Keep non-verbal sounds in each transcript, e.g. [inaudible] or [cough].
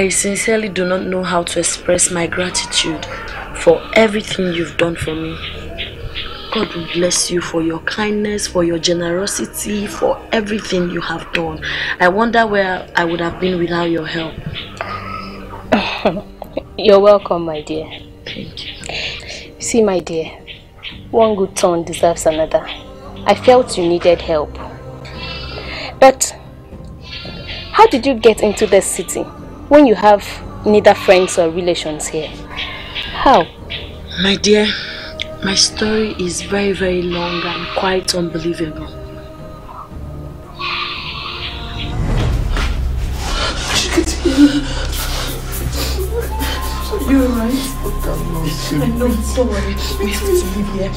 I sincerely do not know how to express my gratitude for everything you've done for me. God will bless you for your kindness, for your generosity, for everything you have done. I wonder where I would have been without your help. [laughs] You're welcome, my dear. Thank you. See, my dear, one good turn deserves another. I felt you needed help. But how did you get into this city? when you have neither friends or relations here? How? My dear, my story is very, very long and quite unbelievable. You're right. I know, don't worry. We have to leave here.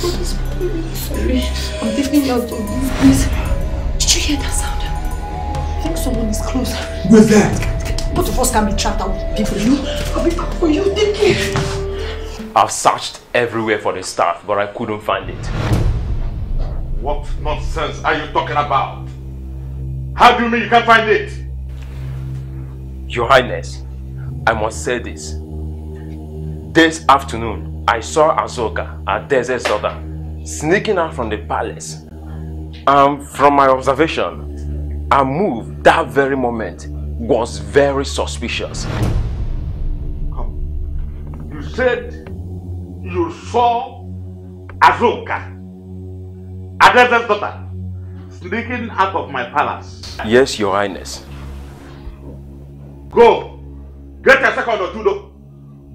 Sorry. I'm taking you out of this place. Did you hear that sound? I think someone is close. Where's that? Both of us can be trapped. I will pay for you. I'll be back for you. Take care. I've searched everywhere for the staff, but I couldn't find it. What nonsense are you talking about? How do you mean you can't find it? Your Highness, I must say this. This afternoon, I saw Azoka at Desert Soda sneaking out from the palace. And from my observation, I moved that very moment was very suspicious. You said you saw Azuka, Adeza's daughter, sneaking out of my palace. Yes, your highness. Go. Get a second or two though.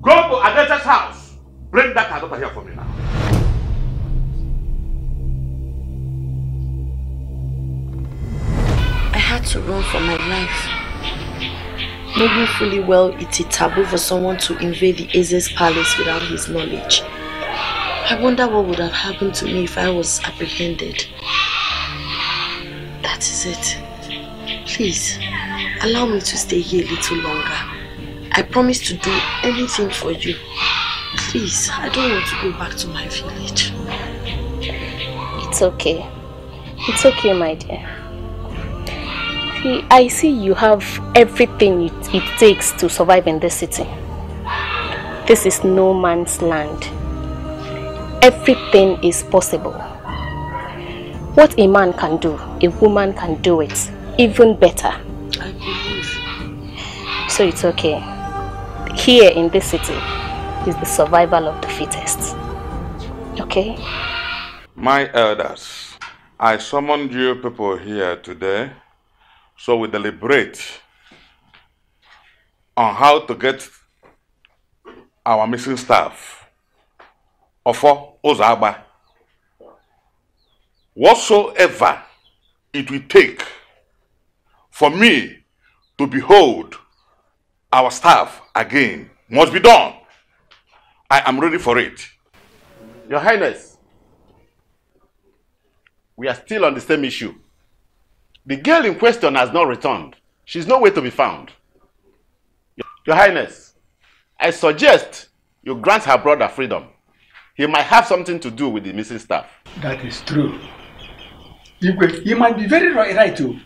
Go to Adeza's house. Bring that daughter here for me now. I had to run for my life knowing fully well it's a taboo for someone to invade the Aziz palace without his knowledge. I wonder what would have happened to me if I was apprehended. That is it. Please, allow me to stay here a little longer. I promise to do anything for you. Please, I don't want to go back to my village. It's okay. It's okay, my dear. I see you have everything it, it takes to survive in this city. This is no man's land. Everything is possible. What a man can do, a woman can do it, even better. So it's okay. Here in this city is the survival of the fittest. Okay? My elders, I summoned you people here today So we deliberate on how to get our missing staff. Ofo Ozaba. Whatsoever it will take for me to behold our staff again must be done. I am ready for it. Your Highness, we are still on the same issue. The girl in question has not returned. She's nowhere to be found. Your Highness, I suggest you grant her brother freedom. He might have something to do with the missing staff. That is true. Igwe, you might be very right, right oh. too.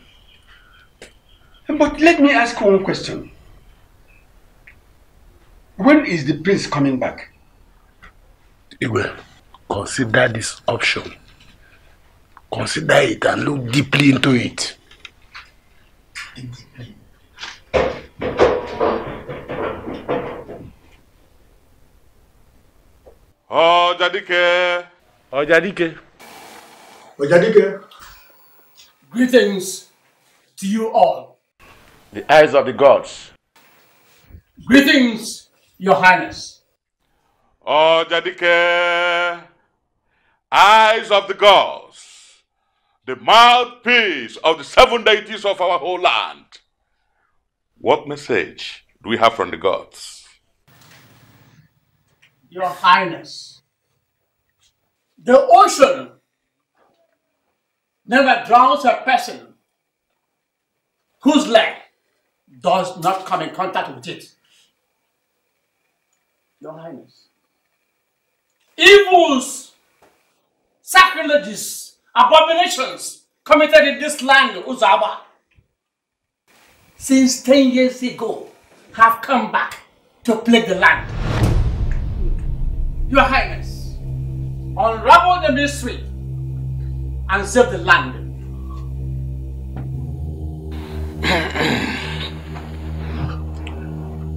But let me ask one question. When is the prince coming back? Igwe, consider this option Consider it and look deeply into it. Ọjàdíkẹ́. Ọjàdíkẹ́. Ọjàdíkẹ́. Greetings to you all. The eyes of the gods. Greetings, Your Highness. Ọjàdíkẹ́. Eyes of the gods. the mouthpiece of the seven deities of our whole land. What message do we have from the gods? Your Highness, the ocean never drowns a person whose leg does not come in contact with it. Your Highness, evils, sacrileges, abominations committed in this land, Uzaba, since 10 years ago, have come back to plague the land. Your Highness, unravel the mystery and save the land. [coughs]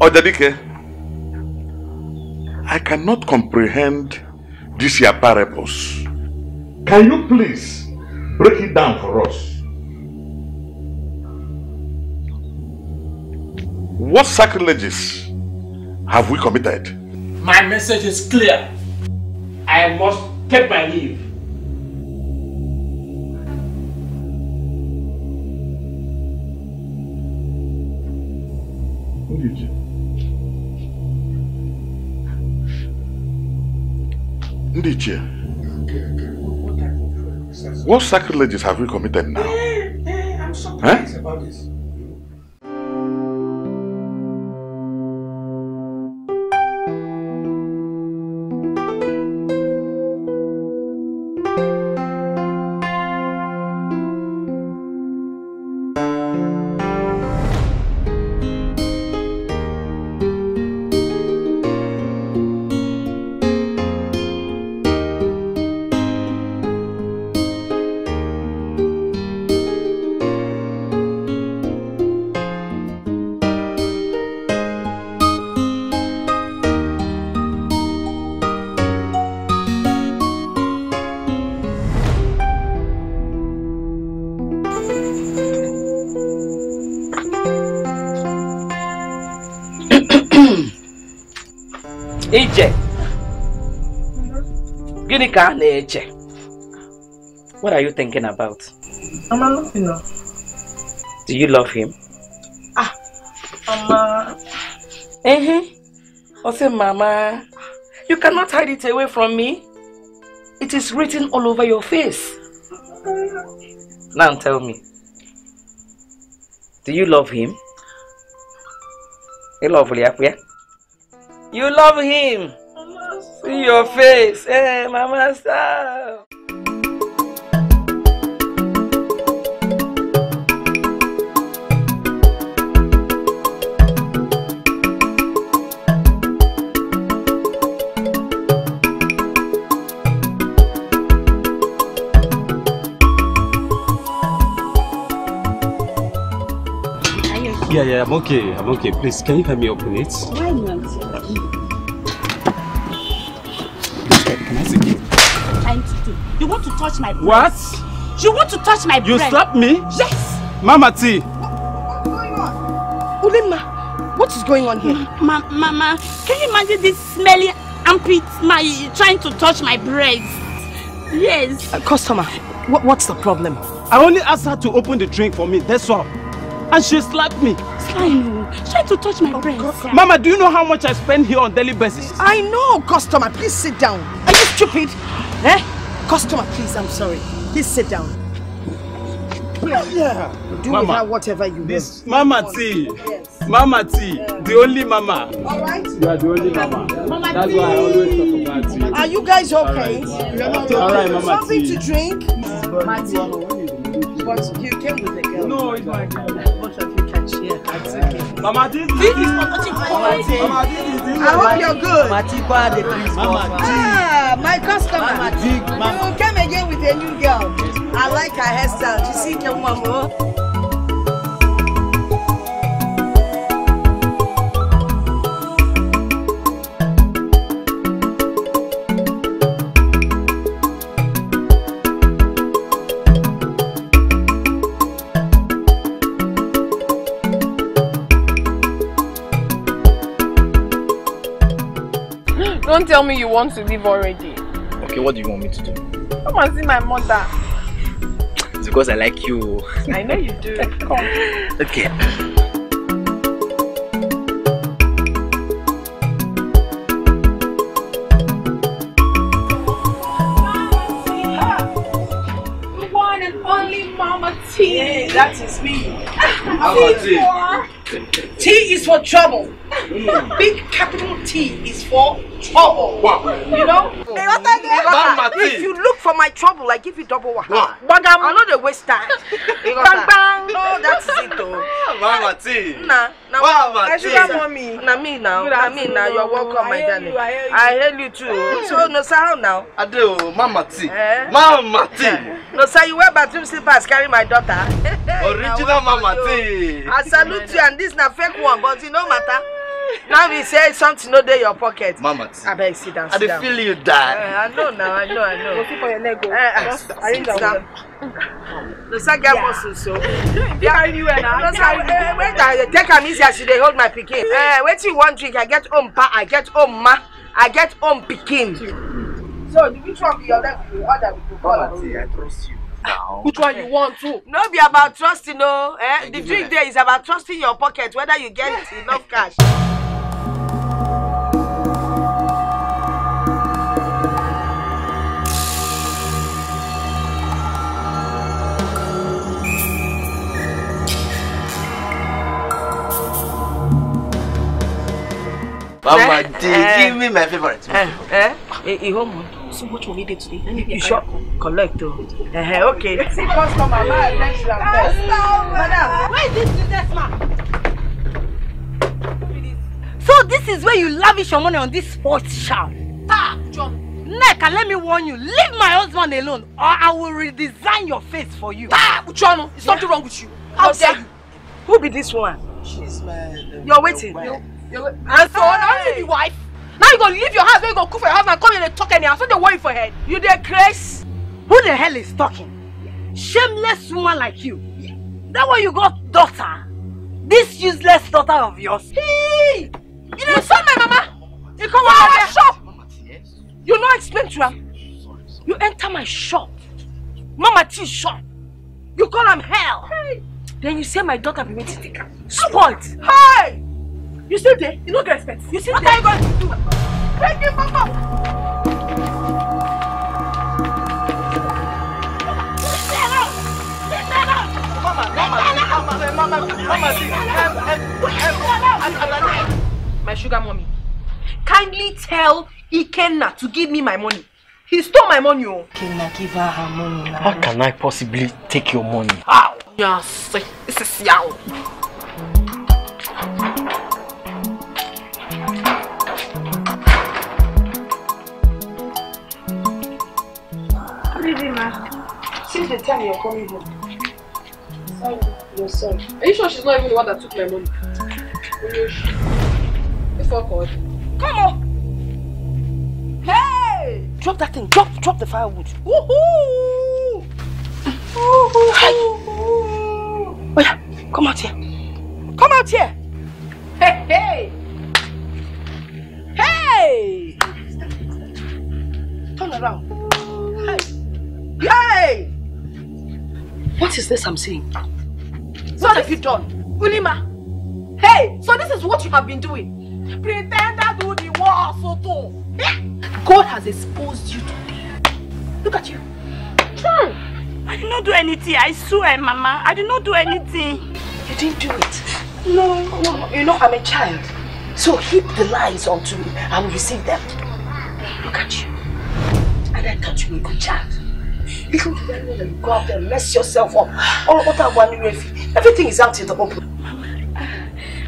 Odebike, I cannot comprehend these your parables. Can you please break it down for us? What sacrileges have we committed? My message is clear. I must take my leave. What did you? What sacrileges have we committed now? ka na-eche what are you thinking about I'm a now. do you love him ah Mama. eh mm-hmm. say, Mama, you cannot hide it away from me it is written all over your face now tell me do you love him? You lovely. You love him. see your face hey, eh, mama Stop. Yeah, yeah, I'm okay. I'm okay. Please, can you help me open it? Why not? Can I see you? Time to do. You want to touch my breast? What? You want to touch my bread? You slapped me? Yes. Mama T. What, what's going on? Ulema, what is going on here? Ma, ma Mama, can you imagine this smelly armpit my trying to touch my bread. Yes. Uh, customer, what, what's the problem? I only asked her to open the drink for me, that's all. And she slapped me. Slime, try to touch my oh, breast. Mama, do you know how much I spend here on daily basis? I know, customer. Please sit down stupid? Eh? Customer, please, I'm sorry. Please sit down. Please. Yeah. Do mama, with her whatever you this want. Mama T. Yes. Mama T. Yeah. The only mama. Alright. You are the only mama. Mama That's why I always talk about T. Are you guys okay? You're not okay. Alright Mama Something T. to drink? Mama T. But you came with a girl. No, it's my girl. Mama did this. This is for touching Mama did this. I hope you're good. Mama Tiba, the police Mama Ah, my customer. Mama Tig. You came again with a new girl. I like her hairstyle. You see, Kemwamo. Don't tell me you want to leave already. Okay, what do you want me to do? Come and see my mother. It's because I like you. I know you do. [laughs] Come. Okay. Tea. Yeah, that is me. tea, [laughs] T is for trouble. Mm. [laughs] Big capital T is for trouble. You know? If you look for my trouble, I give you double one. But I'm not a waste time. [laughs] bang bang. No, that's it though. Mama T. Nah, nah. Mama T. mommy. Nah me now. Nah me now. You're welcome, my darling. I hear you too. [laughs] So no sound now. I do. Mama T. Mama T. No sir, you wear bathroom slippers carry my daughter. [laughs] Original Mama T. I salute you and this is a fake one, but it no matter now he say something no dey your pocket. mama ti abeg sit down i dey feel you die. Uh, i know now i know i know. go for your leg o. Oh. Eh, sit down. no sir get muscle so. [laughs] you carry me eh, well na. no wait i take am easy as you dey hold my pikin. Uh, wetin you wan drink i get home pa i get home ma i get home pikin. so which one be your leg be the other we go call am. i trust you. Now. Which one you want to? No be about trusting, no. Oh, eh? The drink there is about trusting your pocket, whether you get [laughs] enough cash. Oh eh, dear, eh, give me my favorite. My eh, eh? Eh? home. So much we did today. You shop collect though. Uh, okay. See customer, my attention. Madam, where is this So this is where you lavish your money on this sports shop. Ah, John. Neka, let me warn you, leave my husband alone or I will redesign your face for you. Ah, Uchono, there's yeah. something wrong with you. How dare you? Who be this one? She's my... Uh, You're waiting. Your and so hey. now you be wife. Now you go leave your house, now you go cook for your husband, come here and talk anyhow. So they worry for head. You there, Grace? Who the hell is talking? Shameless woman like you. That one you got daughter. This useless daughter of yours. Hey! You didn't son my mama. You come out my shop. You know explain to her. You enter my shop. Mama T shop. You call him hell. Hey. Then you say my daughter be waiting to take her. Spoiled. Hey! You still there? You no get respect. You still what there? What are you going to do? Thank you, up! My sugar mommy, kindly tell Ikenna to give me my money. He stole my money. Oh. Ikenna, give her her money now. How can I possibly take your money? How? Yes, this is yow. Since the time you're coming home. Sorry, yourself. Are you sure she's not even the one that took my money? If I called. Come on! Hey! Drop that thing. Drop drop the firewood. Woohoo! Woohoo! Hey! Oh yeah, come out here. Come out here! Hey, hey! Hey! Turn around. Hey! Hey! What is this I'm seeing? So what have you done? Ulima! Hey! So this is what you have been doing? Pretender do the war so too! Eh? God has exposed you today. Look at you. I did not do anything. I swear, Mama. I did not do anything. You didn't do it? No. no. You know, I'm a child. So heap the lies onto me and receive them. Look at you. And I touch you were a good child. You should go out there and mess yourself up. All what I everything is out in the open.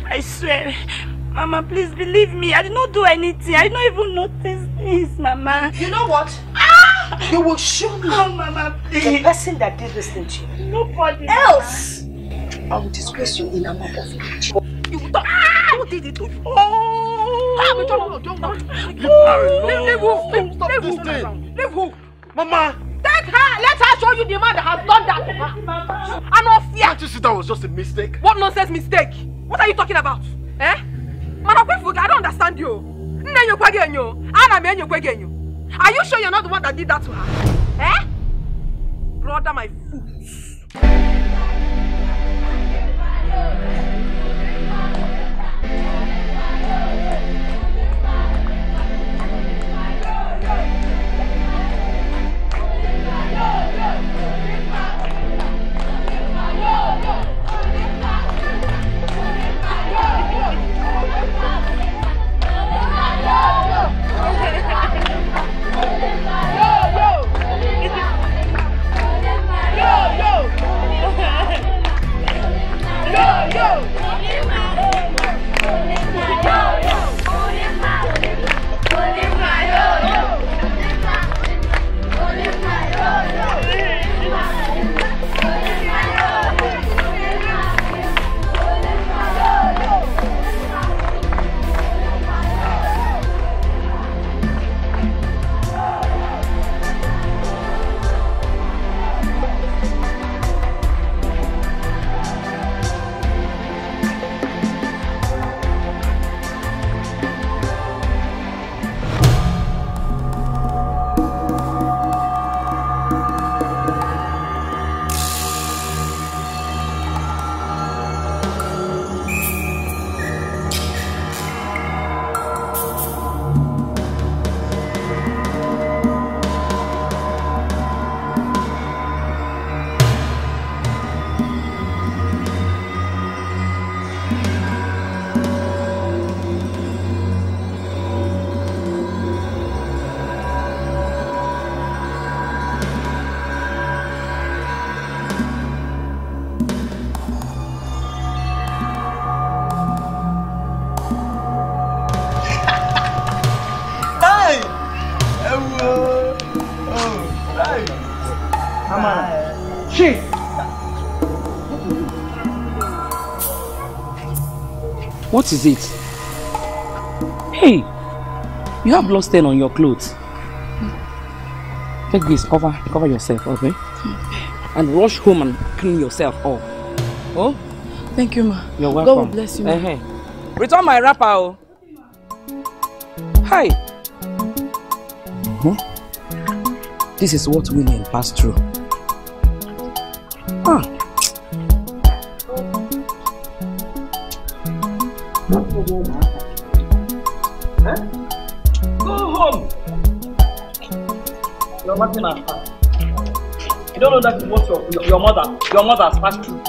I swear. Mama, please believe me. I did not do anything. I did not even notice this, Mama. You know what? Ah! You will show me. Oh, Mama, please. The person that did this thing to you. Nobody else. Mama. I will disgrace you in another village. You will talk. Ah! Who did it to you? Oh! Ah, don't, no, don't, don't. Oh, leave, leave, leave, leave, leave, leave, leave, leave, leave, leave, her. Let her show you the man that has done that to her. And no fear. Can't you see that was just a mistake? What nonsense mistake? What are you talking about? Eh? Man, I don't understand you. Are you sure you're not the one that did that to her? Eh? Brother, my foot. What is it? Hey, you have blood stain on your clothes. Take this, cover, cover yourself, okay? Hmm. And rush home and clean yourself off. Oh? Thank you, ma. You're welcome. God bless you, ma. Uh -huh. Return my wrapper, oh. Hi. Mm -hmm. This is what women pass through. ụgwọ ụmụaka go home your mother na far you don't know that is what your your mother your mother has passed through.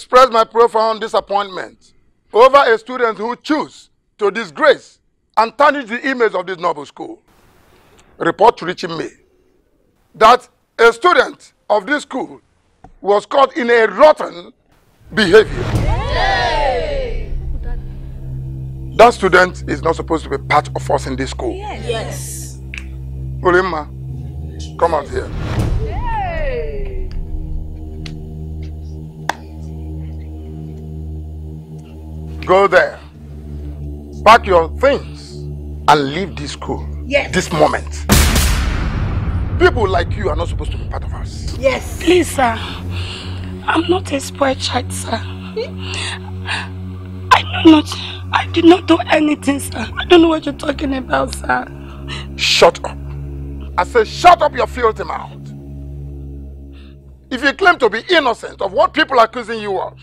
express my profound disappointment over a student who chose to disgrace and tarnish the image of this noble school. Report reaching me that a student of this school was caught in a rotten behavior. Yay! That student is not supposed to be part of us in this school. Yes. yes. Ulima, come out here. Go there. Pack your things and leave this school. Yes. This moment. People like you are not supposed to be part of us. Yes. Please, sir. I'm not a spoiled child, sir. I do not. I did not do anything, sir. I don't know what you're talking about, sir. Shut up. I say shut up your filthy mouth. If you claim to be innocent of what people are accusing you of,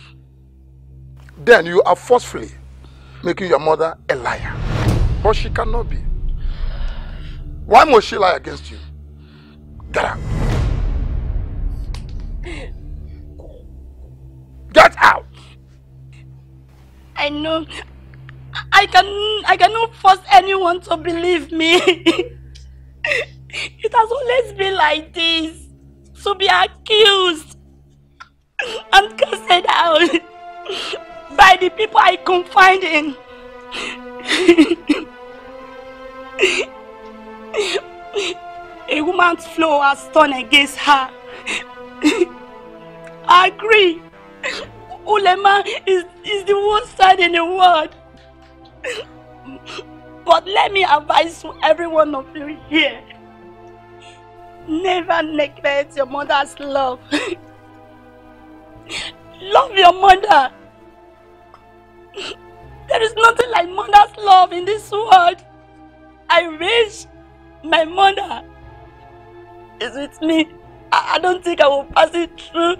then you are forcefully making your mother a liar. But she cannot be. Why must she lie against you? Get out. Get out! I know. I can I cannot force anyone to believe me. [laughs] it has always been like this. To be accused and casted out. [laughs] by the people I confide in. A woman's flow has turned against her. I agree. Ulema is, is the worst side in the world. But let me advise to every one of you here. Never neglect your mother's love. love your mother. There is nothing like mother's love in this world. I wish my mother is with me. I, I don't think I will pass it through.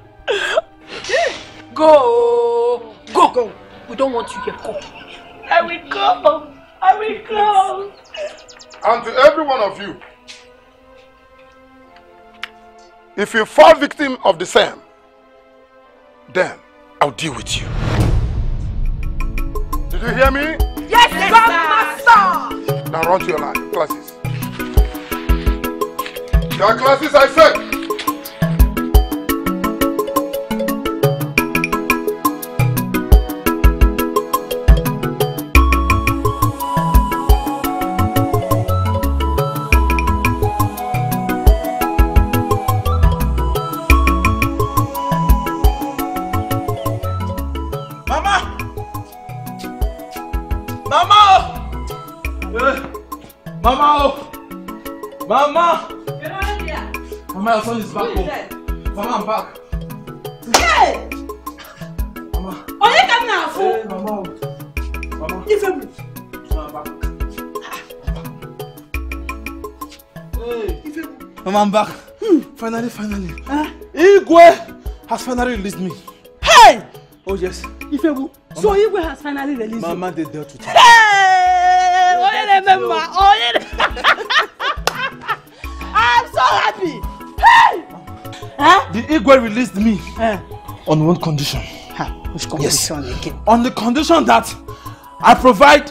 go. Go. Go. We don't want you here. Go. I will go. I will go. And to every one of you, if you fall victim of the same, then I'll deal with you. Did you hear me? Yes, yes Grandmaster! Now run to your line. Classes. Your classes, I said! Mama! Get out of here! Mama, your son is back home. Mama, I'm back. Hey! Mama. Oh, you come now, fool! Hey, Mama. Mama. Give him. Mama, I'm back. Hey. Give him. Mama, I'm back. Hmm. Finally, finally. Huh? Igwe has finally released me. Hey! Oh, yes. Ifebu. So Igwe has finally released Mama, you? Mama, they dealt with me. Hey! you remember. Oye, remember. [laughs] I'm so happy. Hey! Huh? The eagle released me eh. on one condition. Huh? Which condition yes. again? On the condition that I provide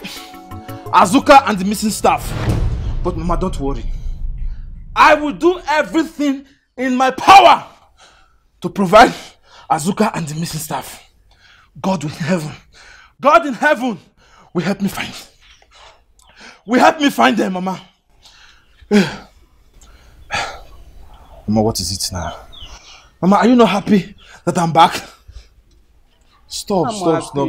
Azuka and the missing staff. But Mama, don't worry. I will do everything in my power to provide Azuka and the missing staff. God in heaven. God in heaven will help me find. Will help me find them, Mama. Eh. Mama, what is it now? Mama, are you not happy that I'm back? Stop, I'm stop, stop. I,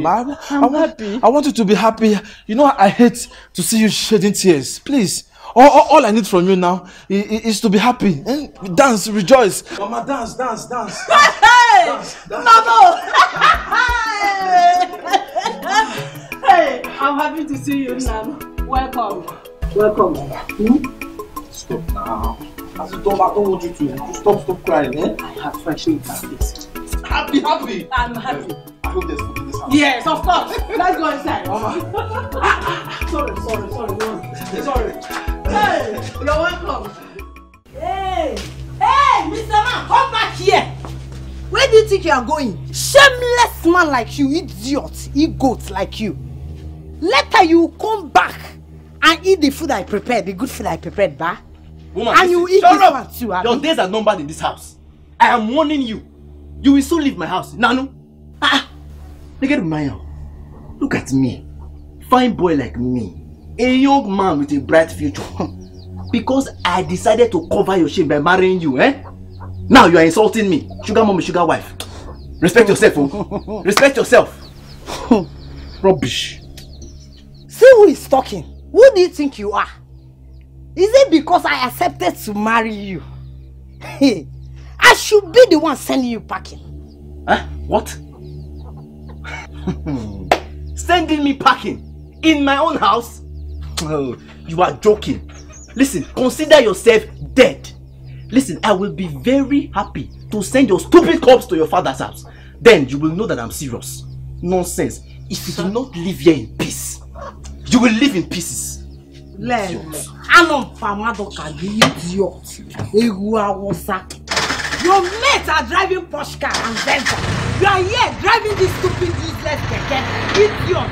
I'm I want, happy. I want you to be happy. You know, I hate to see you shedding tears. Please. All, all, all I need from you now is, is to be happy. Eh? Dance, rejoice. Mama, dance, dance, dance. dance, [laughs] hey! dance, dance. Mama! hey, I'm happy to see you, Nan. Welcome. Welcome. Hmm? Stop now. As a dog, I don't want you to, stop, stop crying, eh? I have to actually have this. Happy, happy! I'm happy. I hope there's food in this house. Yes, of course. Let's go inside. [laughs] Oh. sorry, sorry, sorry, sorry. Hey, you're welcome. Hey, hey, Mr. Man, come back here. Where do you think you are going? Shameless man like you, idiot, egot like you. Later you come back and eat the food I prepared, the good food I prepared, bah. Woman, and you eat Shut up. Too, Your me? days are numbered in this house. I am warning you. You will soon leave my house. Nanu. Ah. Look at my Look at me. Fine boy like me. A young man with a bright future. [laughs] Hmm. because I decided to cover your shame by marrying you, eh? Now you are insulting me. Sugar mommy, sugar wife. Respect yourself, oh. [laughs] Respect yourself. Hmm. Rubbish. See who is talking. Who do you think you are? Is it because I accepted to marry you? Hey, [laughs] I should be the one sending you packing. Huh? What? [laughs] sending me packing? In my own house? [laughs] Oh, you are joking. Listen, consider yourself dead. Listen, I will be very happy to send your stupid corpse to your father's house. Then you will know that I'm serious. Nonsense. If you do not live here in peace, you will live in pieces. lẹ́ẹ̀mọ̀ alọ́nfàmádọ́ idiot your mates are driving posh car and venza you are here driving this stupid useless keke idiot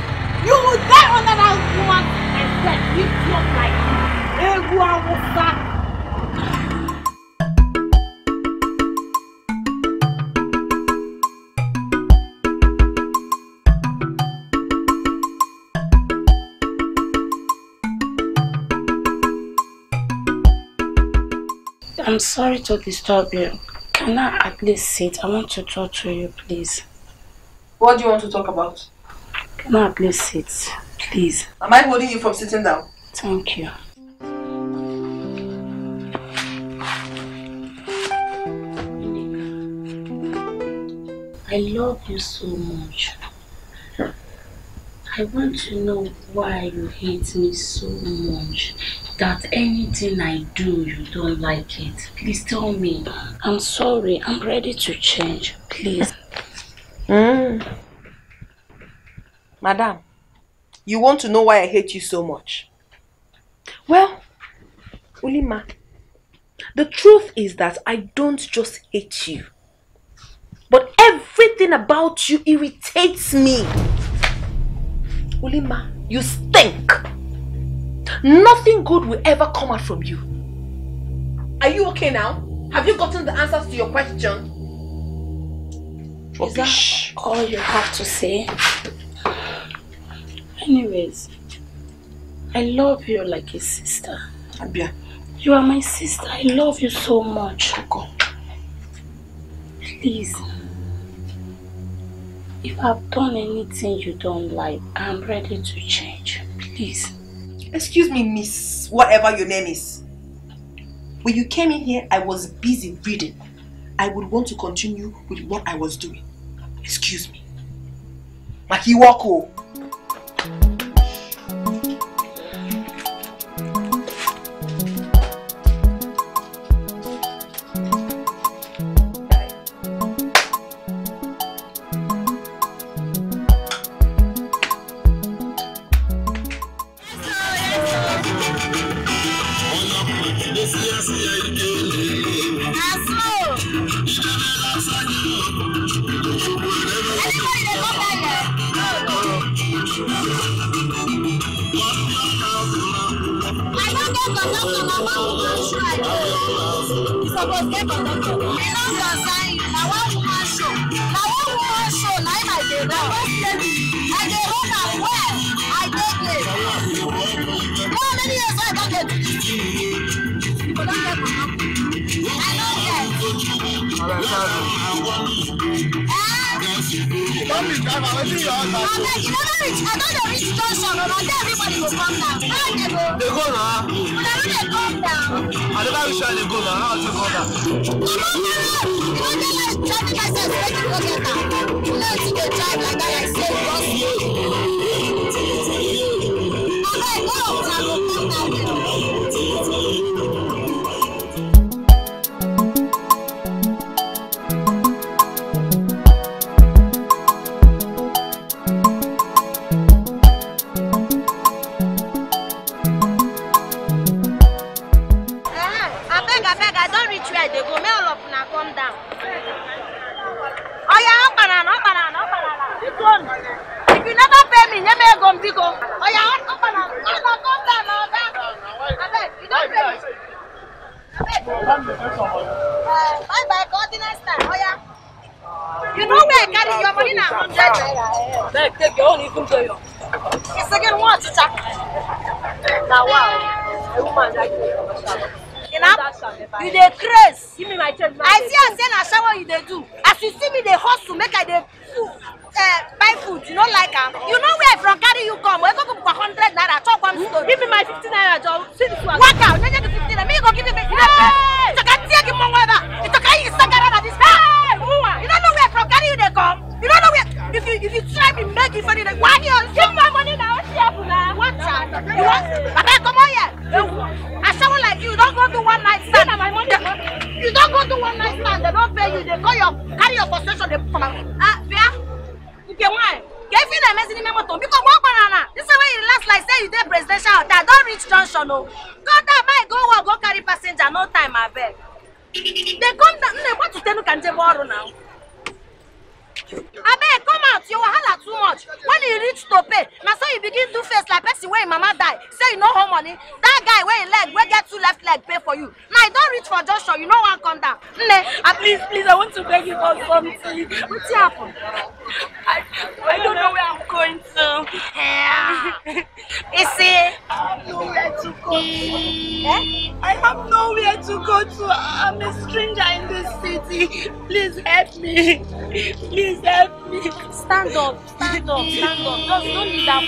you will die under that woman's respect idiot like you ewu I'm sorry to disturb you. Can I at least sit? I want to talk to you, please. What do you want to talk about? Can I at least sit, please? Am I holding you from sitting down? Thank you. I love you so much. I want to know why you hate me so much that anything I do, you don't like it. Please tell me. I'm sorry. I'm ready to change. Please. Mm. Madam, you want to know why I hate you so much? Well, Ulima, the truth is that I don't just hate you. But everything about you irritates me. Ulima, you stink. Nothing good will ever come out from you. Are you okay now? Have you gotten the answers to your question? Is that all you have to say? Anyways, I love you like a sister. Abia. You are my sister. I love you so much. Please, if I've done anything you don't like, I'm ready to change. Please. Excuse me, miss, whatever your name is. When you came in here, I was busy reading. I would want to continue with what I was doing. Excuse me. Makiwako. 最高的。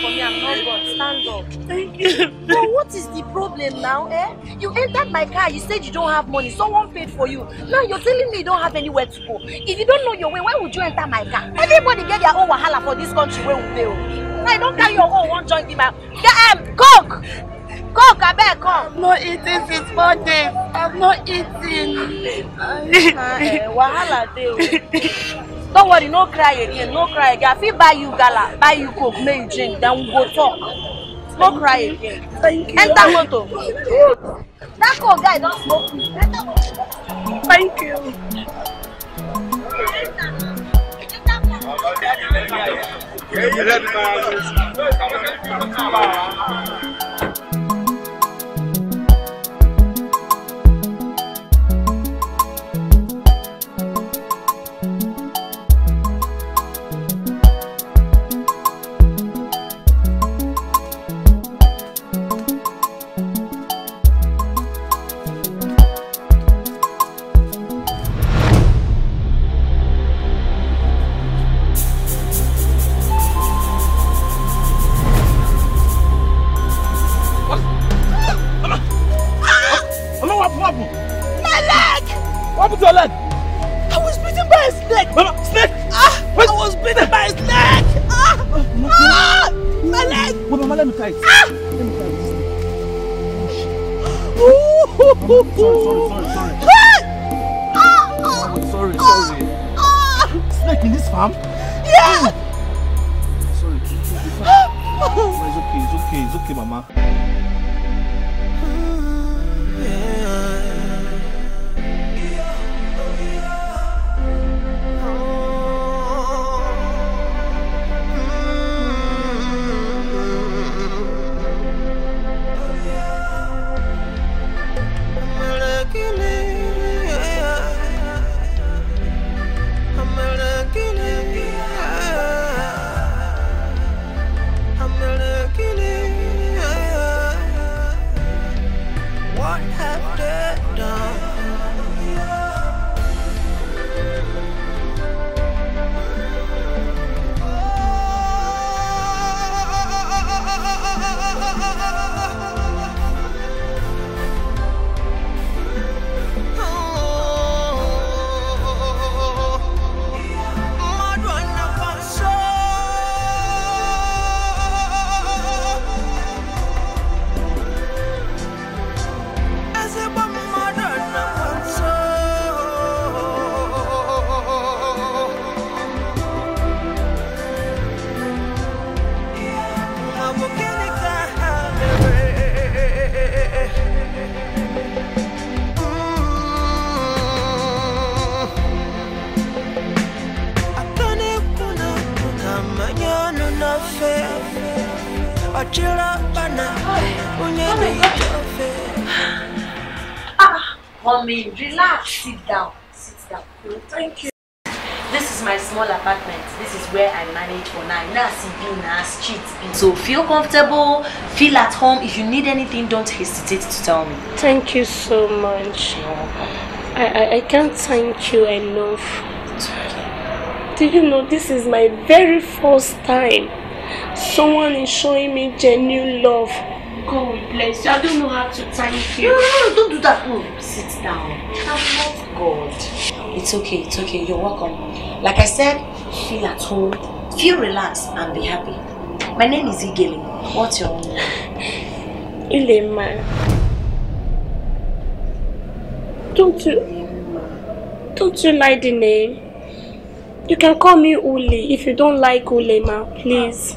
for me, I'm not God. Stand up. Thank you. But what is the problem now, eh? You entered my car, you said you don't have money. Someone paid for you. Now you're telling me you don't have anywhere to go. If you don't know your way, why would you enter my car? Everybody get their own wahala for this country where we fail. I don't carry your own one joint in my... Get, um, coke! Coke, I beg, come. I'm not eating since Monday. I'm not eating. [laughs] Eh, wahala, deal. Oh don't worry no cry again no cry again i fit buy you gala buy you coke make you drink then we go talk no cry again thank you enter motor that coke guy don smoke me enter motor thank you. comfortable, feel at home. If you need anything, don't hesitate to tell me. Thank you so much. I, I, I can't thank you enough. Do you know this is my very first time someone is showing me genuine love. God bless you. I don't know how to thank you. No, no, no, don't do that. Oh, sit down. I'm not God. It's okay, it's okay. You're welcome. Like I said, feel at home, feel relaxed, and be happy. My name is Igeli. What's your name? Ilema. Don't you... Don't you like the name? You can call me Uli if you don't like Ulema, please.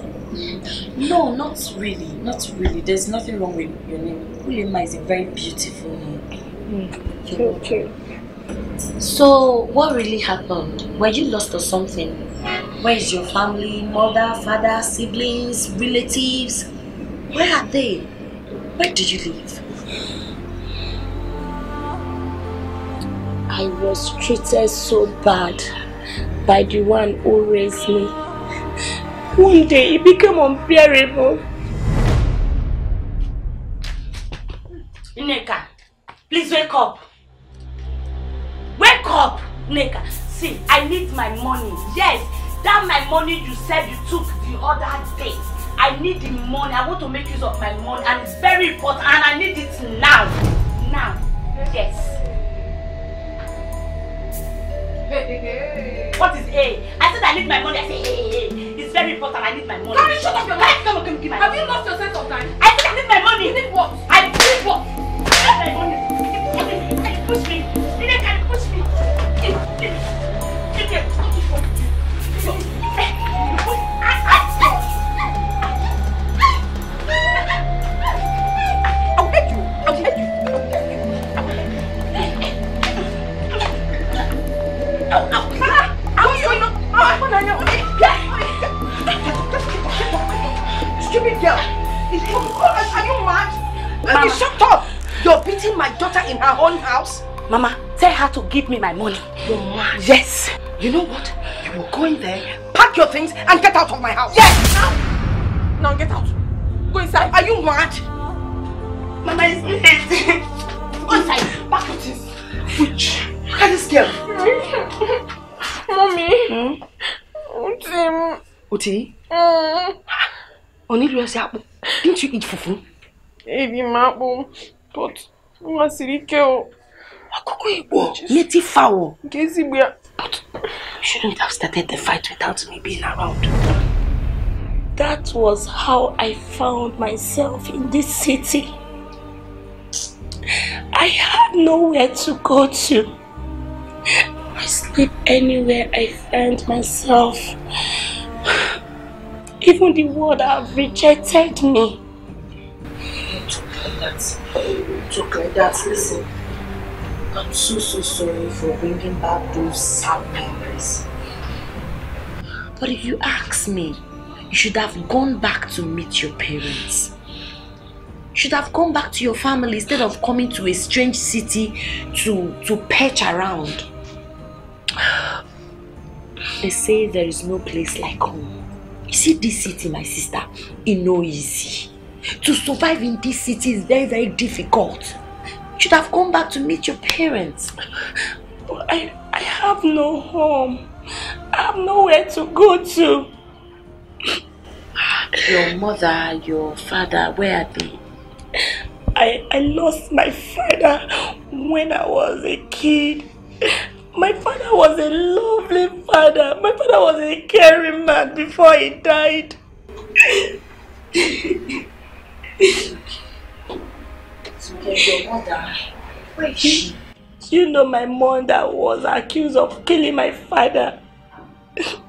No, not really. Not really. There's nothing wrong with your name. Ulema is a very beautiful name. Mm. So, what really happened? Were you lost or something? Where is your family, mother, father, siblings, relatives? Where are they? Where did you live? I was treated so bad by the one who raised me. One day it became unbearable. Neka, please wake up. Wake up, Neka. See, I need my money. Yes, That my money you said you took the other day. I need the money. I want to make use of my money and it's very important and I need it now. Now. Yes. What is A? I said I need my money. I say hey, It's very important. I need my money. Sorry, shut up your mouth. Come on, come give my Have you lost your sense of time? I said I need my money. You need what? I need what? I need my money. Can you Push me. Push me. Push me. stupid girl. are you mad? Mama. me shut up. You're beating my daughter in her own house. Mama, tell her to give me my money. You're mad. Yes. You know what? You will go in there, pack your things, and get out of my house. Yes. Now, now get out. Go inside. Are you mad? Mama is late. Go inside. Pack your things. Which? Look at this girl. Mommy. Hmm? Uti. Uti? Mm. I Akpo, didn't you eat fufu? Ebi ma akpo, but I siri ike o. Akụkọ Igbo, native fowl. Nke ezigbo ya. But you shouldn't have started the fight without me being around. That was how I found myself in this city. I had nowhere to go to. I sleep anywhere I find myself. Even the world have rejected me. Don't talk like that. Don't talk like that. Listen, I'm so, so sorry for bringing back those sad memories. But if you ask me, you should have gone back to meet your parents. You should have gone back to your family instead of coming to a strange city to, to perch around. They say there is no place like home. You see, this city, my sister, is no easy. To survive in this city is very, very difficult. You should have come back to meet your parents. But I, I have no home. I have nowhere to go to. Your mother, your father, where are they? I, I lost my father when I was a kid. My father was a lovely father. My father was a caring man before he died. You know my mother was accused of killing my father.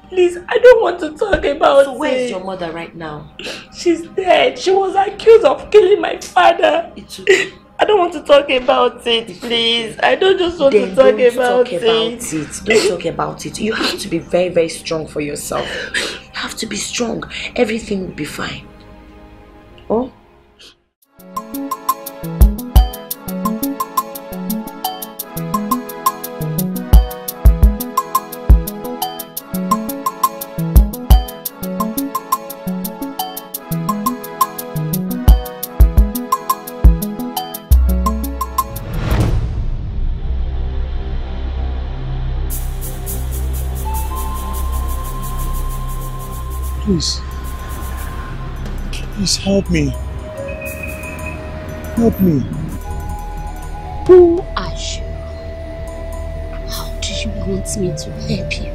Please, I don't want to talk about so where is your mother right now? She's dead. She was accused of killing my father. It's okay. I don't want to talk about it, please. I don't just want then to talk, don't about, talk about it. it. Don't talk about it. You have to be very, very strong for yourself. You have to be strong. Everything will be fine. Oh? Please help me. Help me. Who are you? How do you want me to help you?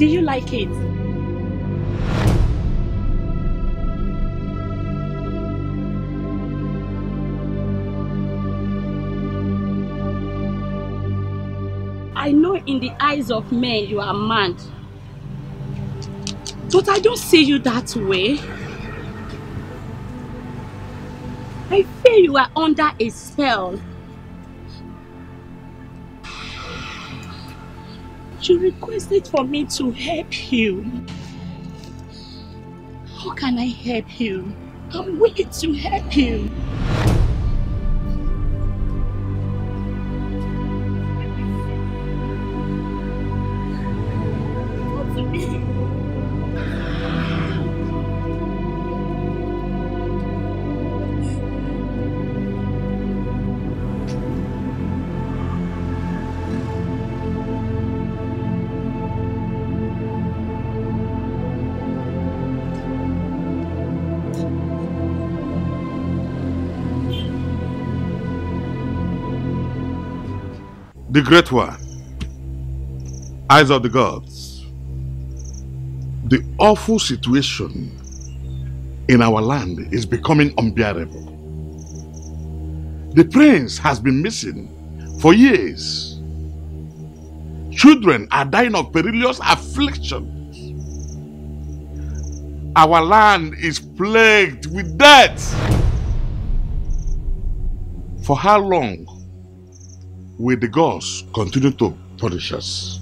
Do you like it? I know in the eyes of men you are mad. But I don't see you that way. I fear you are under a spell. You requested for me to help you. How can I help you? I'm willing to help you. The Great One, Eyes of the Gods, the awful situation in our land is becoming unbearable. The prince has been missing for years. Children are dying of perilous afflictions. Our land is plagued with death. For how long will the gods continue to punish us.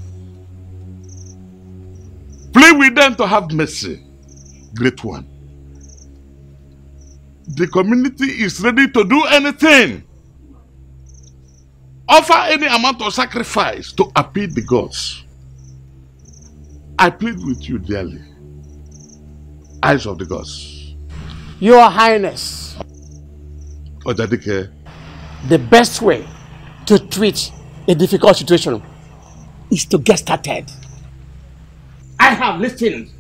Plead with them to have mercy, great one. The community is ready to do anything. Offer any amount of sacrifice to appease the gods. I plead with you dearly, eyes of the gods. Your Highness. Ojadike. The best way to treat a difficult situation is to get started. I have listened.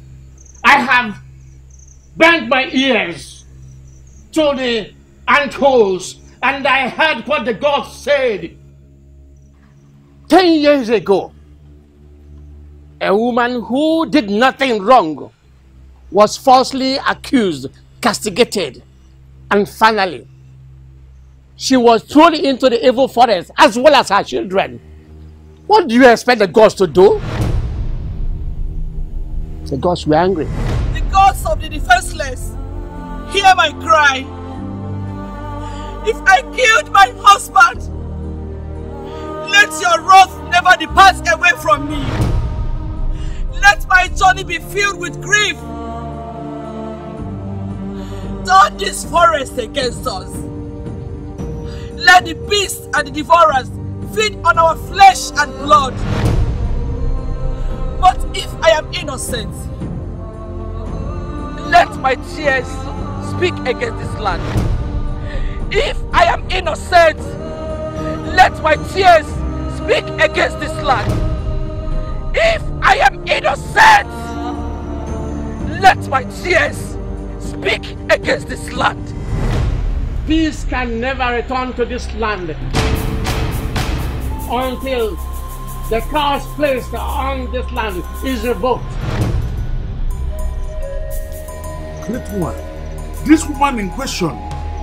I have bent my ears to the ant holes and I heard what the gods said. Ten years ago, a woman who did nothing wrong was falsely accused, castigated, and finally she was thrown into the evil forest as well as her children. What do you expect the gods to do? The gods were angry. The gods of the defenseless, hear my cry. If I killed my husband, let your wrath never depart away from me. Let my journey be filled with grief. Turn this forest against us. Let the beasts and the devourers feed on our flesh and blood. But if I am innocent, let my tears speak against this land. If I am innocent, let my tears speak against this land. If I am innocent, let my tears speak against this land peace can never return to this land until the curse placed on this land is revoked. Great one, this woman in question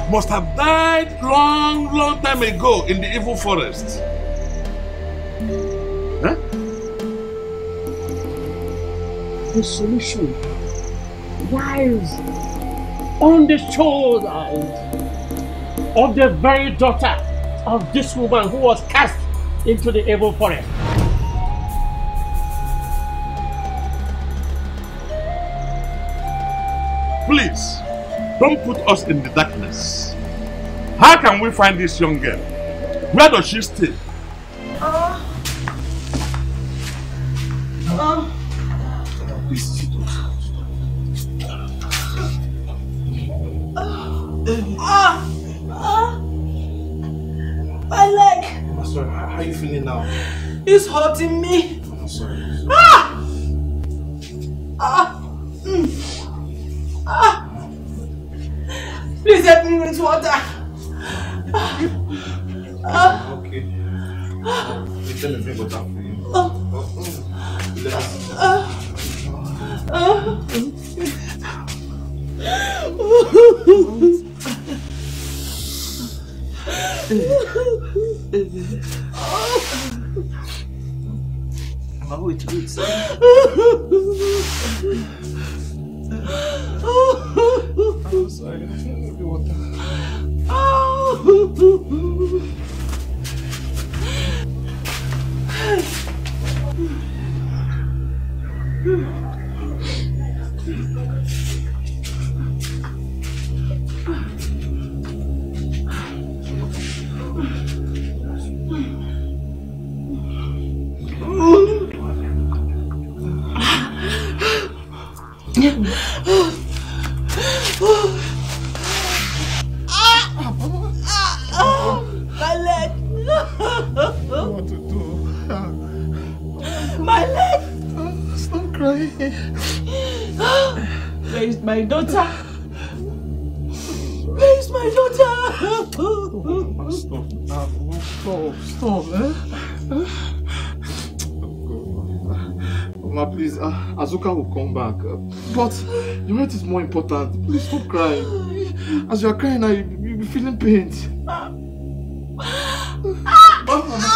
must have died long, long time ago in the evil forest. Huh? The solution lies on the shoulders of the very daughter of this woman who was cast into the evil forest. Please, don't put us in the darkness. How can we find this young girl? Where does she stay? is hurting me. crying. Where my daughter? Where my daughter? Oh, stop. Uh, stop. Stop, eh? Oh, mama, please, uh, Azuka will come back. Uh, but your health is more important. Please stop crying. As you are crying I, you'll be feeling pain. Ah! ah! Mama.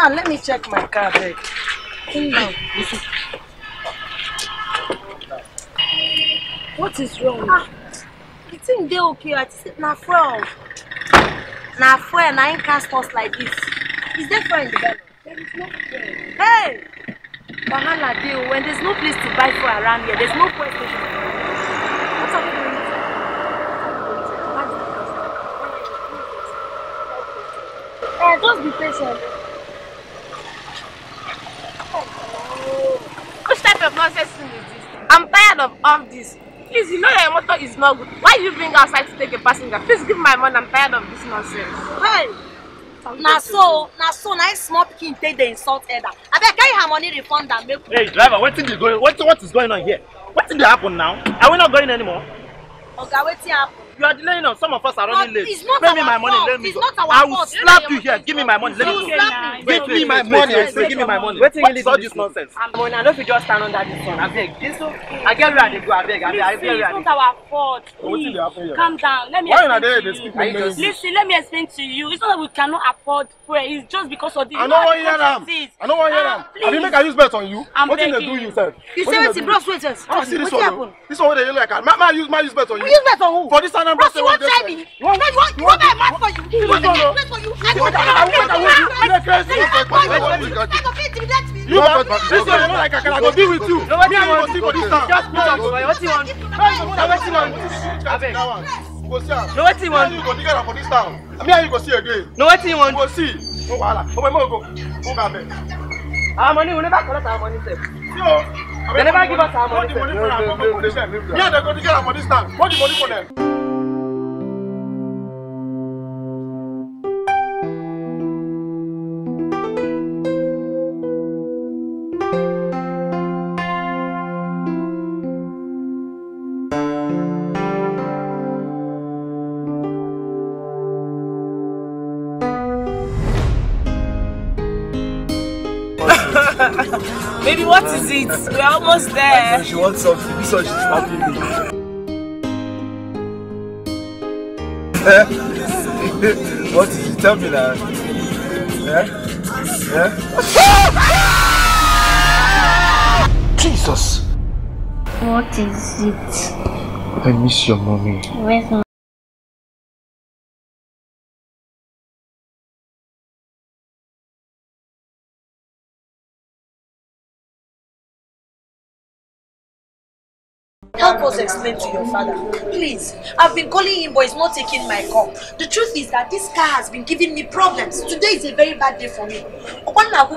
now, let me check my car there. What is wrong? Ah, the thing dey okay. I think na fuel. Na fuel, na cast us like this. Is there fuel in the gallon? There is no fuel. Hey! bahala deal. Oh. When there's no place to buy for around here, there's no fuel station. What are we doing? Uh, just be patient. Hey! na so na so na small pikin take dey insult elder abeg carry her money refund am make we. hey driver wetin dey going wetin what is going on here wetin dey happen now are we not going anymore. oga wetin happen. You are delaying us. Some of us are running late. It's Pay me my money. Let me go. I will slap you here. Give me my money. Let me go. Give me my money. Give me my money. What's all this nonsense? I'm going. I know if you just stand under this one. I beg. This one, I get where I go. I beg. I beg. I beg. It's not our fault. Please, calm down. Let me explain to you. Listen, let me explain to you. It's not that we cannot afford prayer. It's just because of this. I know what you am. I know what you am. I you make a use bet on you. What did they do you, sir? You say it's bros wages. I see this one. Oh. This one, they look like. Ma use bet on you. Use bet on who? For this one them Ross, you won't tell me. What? No, you won't. You won't buy for you. You won't buy for you. I won't. I won't. I won't. You go fit intimidate me. You go. This one not like I can. I go be with you. No, me I go see for this town. Just put out. What you want? What you want? Abeg. No what you want? You go dig out for this town. Me and you go see again. No what you want? Go see. go. wahala. Oh my mom go. Go back. Our money we never collect our money sef. See o. They never give us our money. What the money for them? What the money for them? Yeah, they go to get our money stand. What the money for them? Baby, what is it? We're almost there. She wants something, so she's happy [laughs] me. what is it? Tell me that? Yeah? Yeah? Jesus! What is it? I miss your mommy. Where's my Help us explain to your father. Please, I've been calling him, but he's not taking my call. The truth is that this car has been giving me problems. Today is a very bad day for me. I never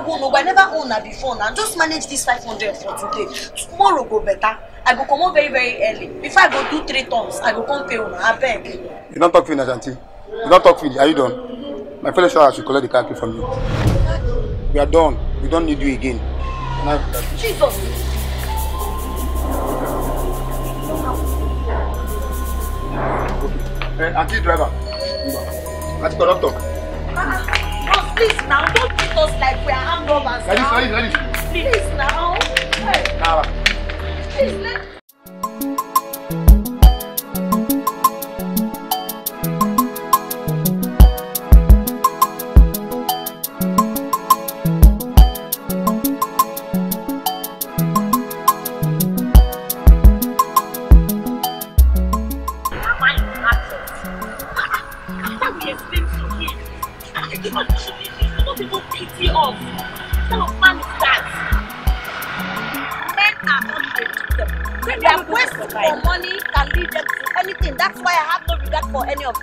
owned her before now. Just manage this 500 for today. Tomorrow go better. I go come out very, very early. Before I go do three tons, I go come pay una. I beg. You don't talk finish, auntie. You don't talk finish. Are you done? My fellow shower should collect the car key from you. We are done. We don't need you again. Jesus. ẹ eh, àti driver àti conductor. boss please now don't treat us like we are armed robbers. ladies ladies ladies. please now. Hey. please let.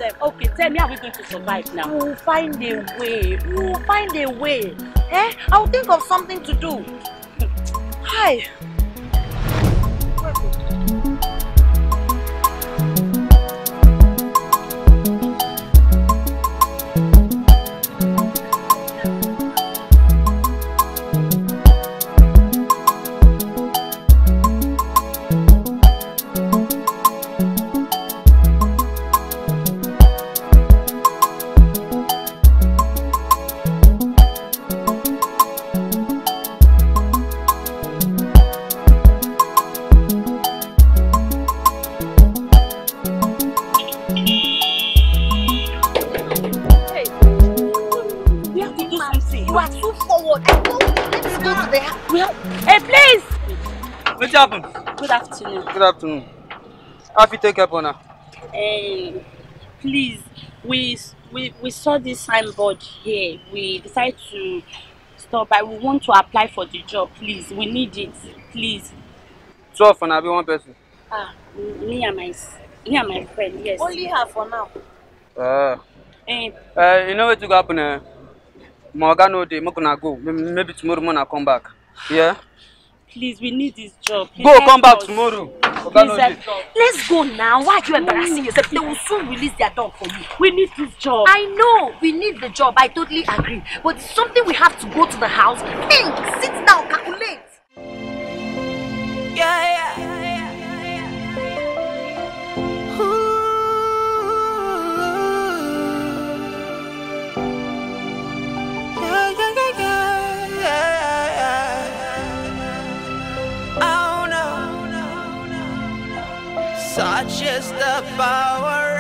yourself, okay, tell me how we're going to survive now. We'll find a way. We'll find a way. Eh? I'll think of something to do. [laughs] Hi. Good afternoon. How fit take on her. Um, please, we we we saw this signboard here. We decided to stop by. We want to apply for the job. Please, we need it. Please. Two of una be one person. Ah, me and my me and my friend. Yes. Only her for now. Uh, um, uh, you know what to happen? Uh, eh? Morgan no day. Make una go. Maybe tomorrow morning I come back. Yeah. Please, we need this job. Please go come back us. tomorrow. Please, let's go now. Why are you embarrassing yourself? They will soon release their dog for you. We need this job. I know. We need the job. I totally agree. But it's something we have to go to the house. Think. Sit down. Calculate. Yeah, yeah. touches the power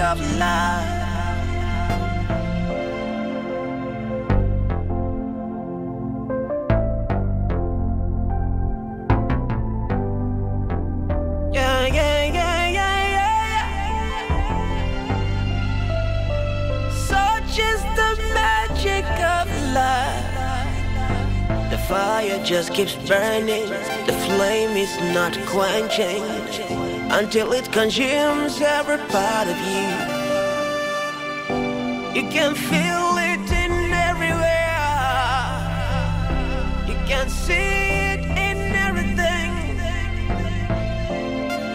of The Fire just keeps burning, the flame is not quenching until it consumes every part of you. You can feel it in everywhere, you can see it in everything.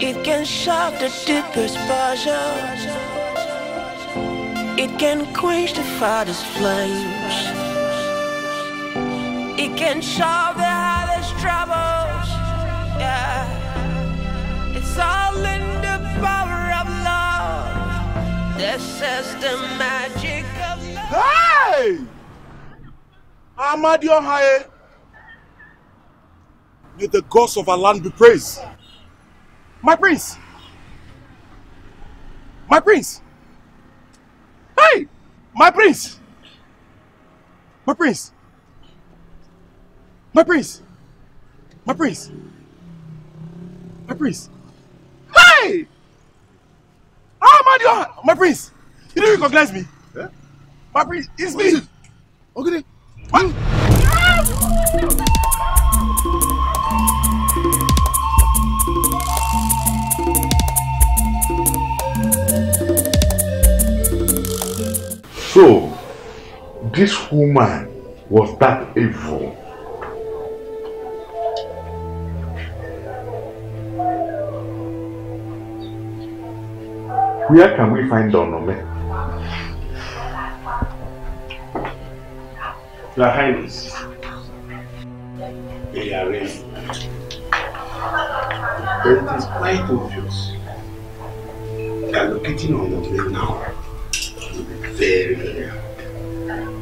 It can shock the deepest passion, it can quench the farthest flames, it can shock. That's just the magic of love. Hey! Amadi Onhaye. May the gods of our land be praised. My prince! My prince! Hey! My prince! My prince! My prince! My prince! My prince! Hey! Ah, my dear, my prince, you didn't recognize me. Eh? My prince, it's me. It? Okay. What? So, this woman was that evil Where can we find Onome? Your Highness, they are ready. it is quite obvious that locating Onome now will be very, very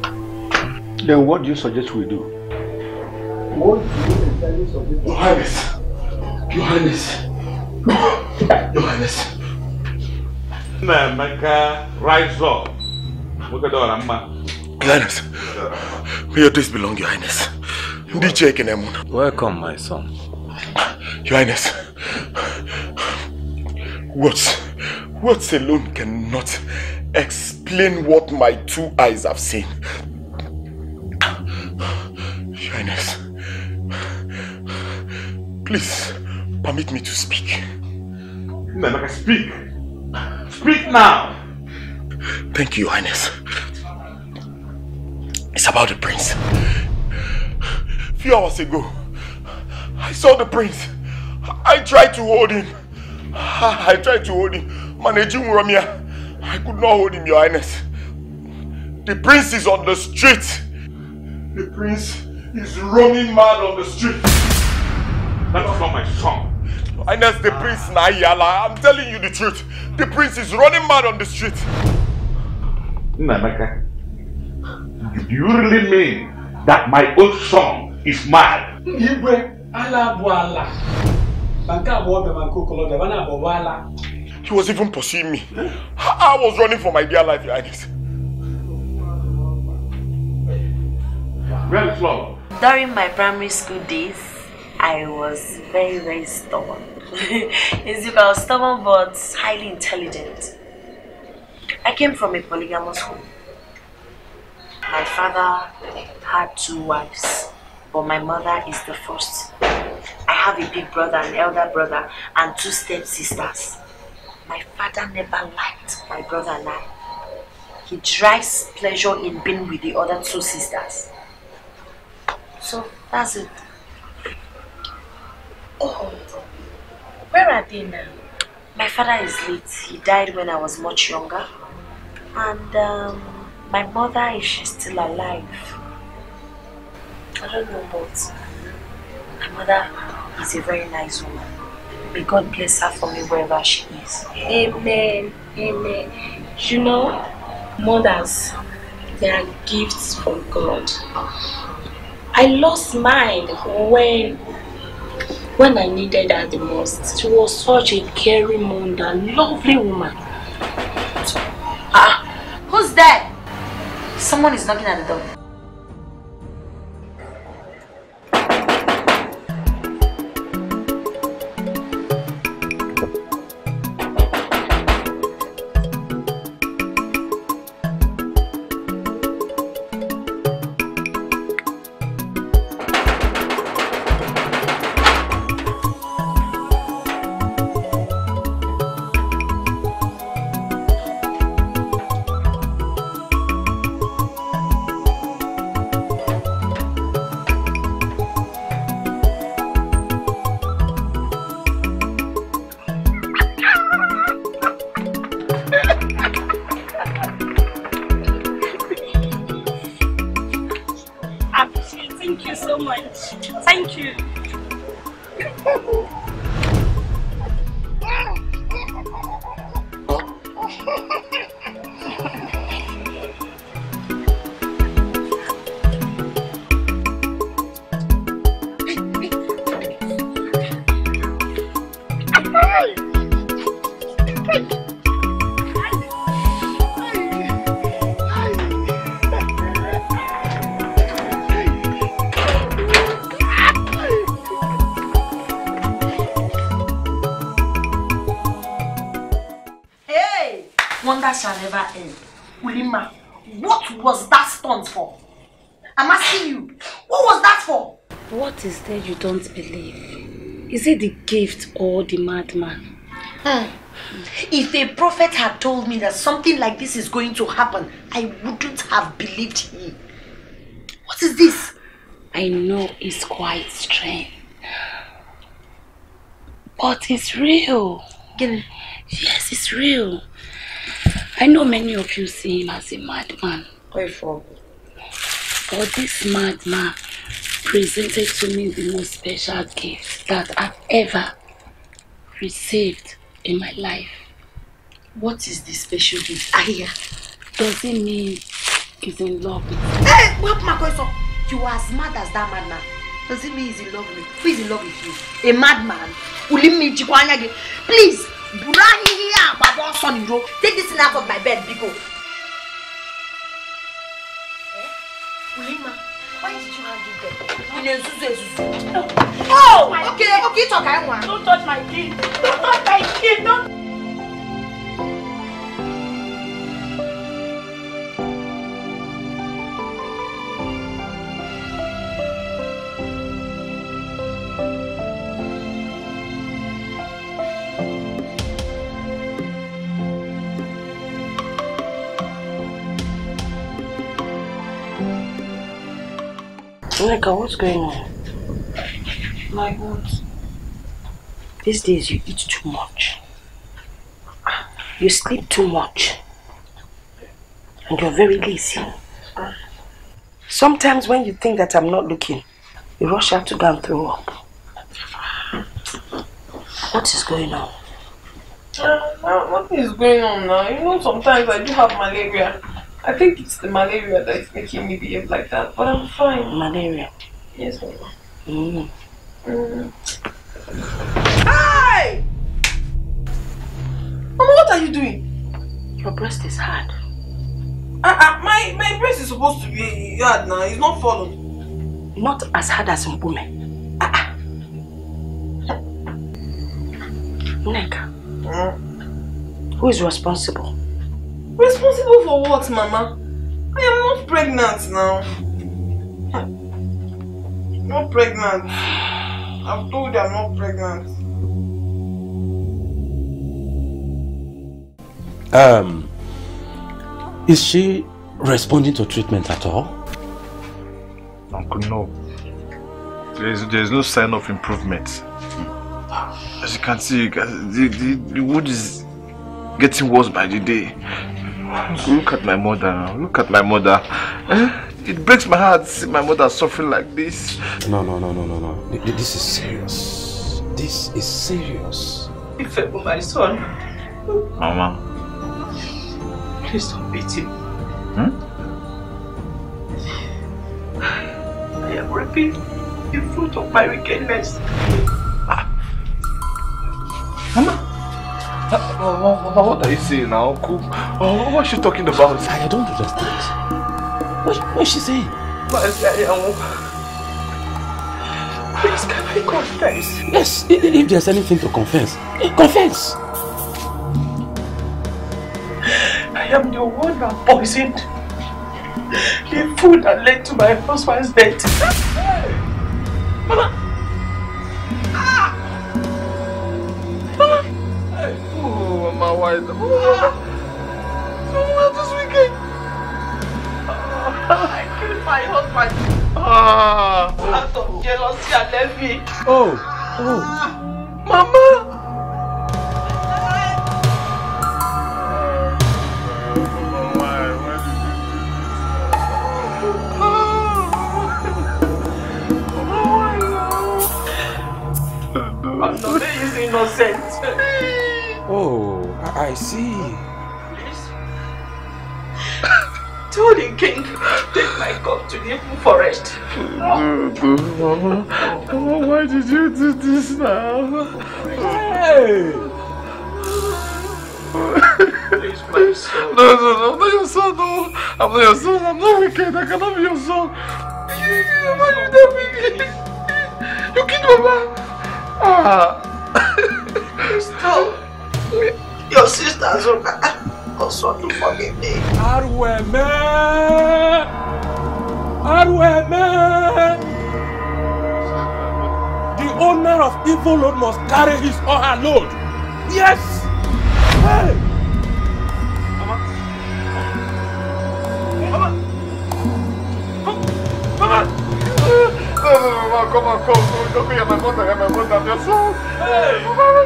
hard. Then what do you suggest we do? What do you suggest we do? Your Highness! Your Highness! Your Highness! nna Emeka rise up. Your Highness, may your days belong, Your Highness. DJ Kenemun. Welcome, my son. Your Highness, what, what alone cannot explain what my two eyes have seen. Your Highness, please permit me to speak. Nanaka, speak. Speak now. Thank you, Highness. It's about the prince. A few hours ago, I saw the prince. I tried to hold him. I tried to hold him. Managing Ramia, I could not hold him, Your Highness. The prince is on the street. The prince is running mad on the street. That is not my son. And that's the prince Nayala. I'm telling you the truth. The prince is running mad on the street. Namaka, do you really mean that my old son is mad? He was even pursuing me. I was running for my dear life, Your Highness. During my primary school days, I was very, very stubborn. it's because I was stubborn but highly intelligent. I came from a polygamous home. My father had two wives, but my mother is the first. I have a big brother, an elder brother, and two stepsisters. My father never liked my brother and I. He derives pleasure in being with the other two sisters. So that's it. Oh, where are they now? My father is late. He died when I was much younger. And um, my mother, if she's still alive, I don't know, but my mother is a very nice woman. May God bless her for me wherever she is. Amen. Amen. You know, mothers, they are gifts from God. I lost mine when when I needed her the most. She was such a caring mother, lovely woman. Ah, who's there? Someone is knocking at the door. shall never end. Ulima, what was that stunt for? I'm asking you, what was that for? What is there you don't believe? Is it the gift or the madman? Hmm. If a prophet had told me that something like this is going to happen, I wouldn't have believed him. What is this? I know it's quite strange. But it's real. Yes, it's real. I know many of you see him as a madman. But this madman presented to me the most special gift that I've ever received in my life. What is this special gift? Aya, does it mean he's in love with you? Hey, what my question? You are as mad as that madman. Does it mean he's in love with me? Who is in love with you? A madman? Please, buru ahịhịa a gbaba ọsọ n'iro take this thing out of my bed biko eh, Ulima, why did you hand it there? In a oh! oh, okay, okay, talk. I want. Don't touch my kid. Don't touch my kid. Don't. Like, oh, what's going on? My what? These days you eat too much. You sleep too much. And you're very lazy. Sometimes when you think that I'm not looking, you rush out to go and throw up. What is going on? Uh, going on now. You know sometimes I do have malaria. I think it's the malaria that's making me behave like that, but I'm fine. Malaria? Yes, ma'am. Mm. Mm. Hi! Mama, what are you doing? Your breast is hard. Uh, uh, my, my breast is supposed to be hard now. It's not fallen. Not as hard as a Uh, uh. Ah. Nneka, mm. who is responsible? Responsible for what, Mama? I am not pregnant now. Not pregnant. I've told you I'm not pregnant. Um, is she responding to treatment at all? Uncle, no. There's, there's no sign of improvement. As you can see, the, the, the wood is getting worse by the day. Look at my mother Look at my mother. Eh? It breaks my heart to see my mother suffering like this. No, no, no, no, no, no. This is serious. This is serious. If I were my son. Mama. Please don't beat him. Hmm? I am reaping the fruit of my wickedness. Ah. Mama. What are you saying now? Oh, what's she talking about? I don't understand. What, what's she saying? Oh. Please, can I confess? Yes, if there's anything to confess, eh, confess. I am the one that poisoned the food that led to my husband's death. Mama, my wife. So well this weekend. I killed my husband. Ah. Out of jealousy and envy. Oh. Oh. Mama. I'm not very innocent. oh. I, I see. Please. Tell the king, take my cup to the open forest. No. Mm-hmm. Mama, why did you do this now? Hey! Please, my son. No, no, no, I'm not your son, no. I'm not your son, I'm not wicked, I cannot be your son. Mama, you don't You killed Mama. Ah. Please Stop. [laughs] Your sister Zuka also to forgive me. Arweme! Arweme! The owner of evil load must carry his or her load. Yes! Hey! Mama! Mama! Mama! No, no, no, mama, come on, come on, come on, come on. my mother, my mother, I'm your son. Hey! Mama!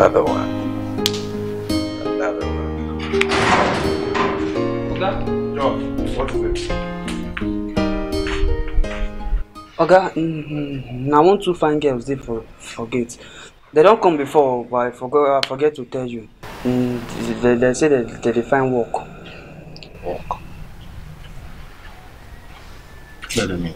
Another one. Another one. Oga? George, what's this? Oga, mm-hmm. na one two fine girls dey for forget? They don't come before but I forget I forget to tell you. Mm, they, they say they, they define find work. Work? What do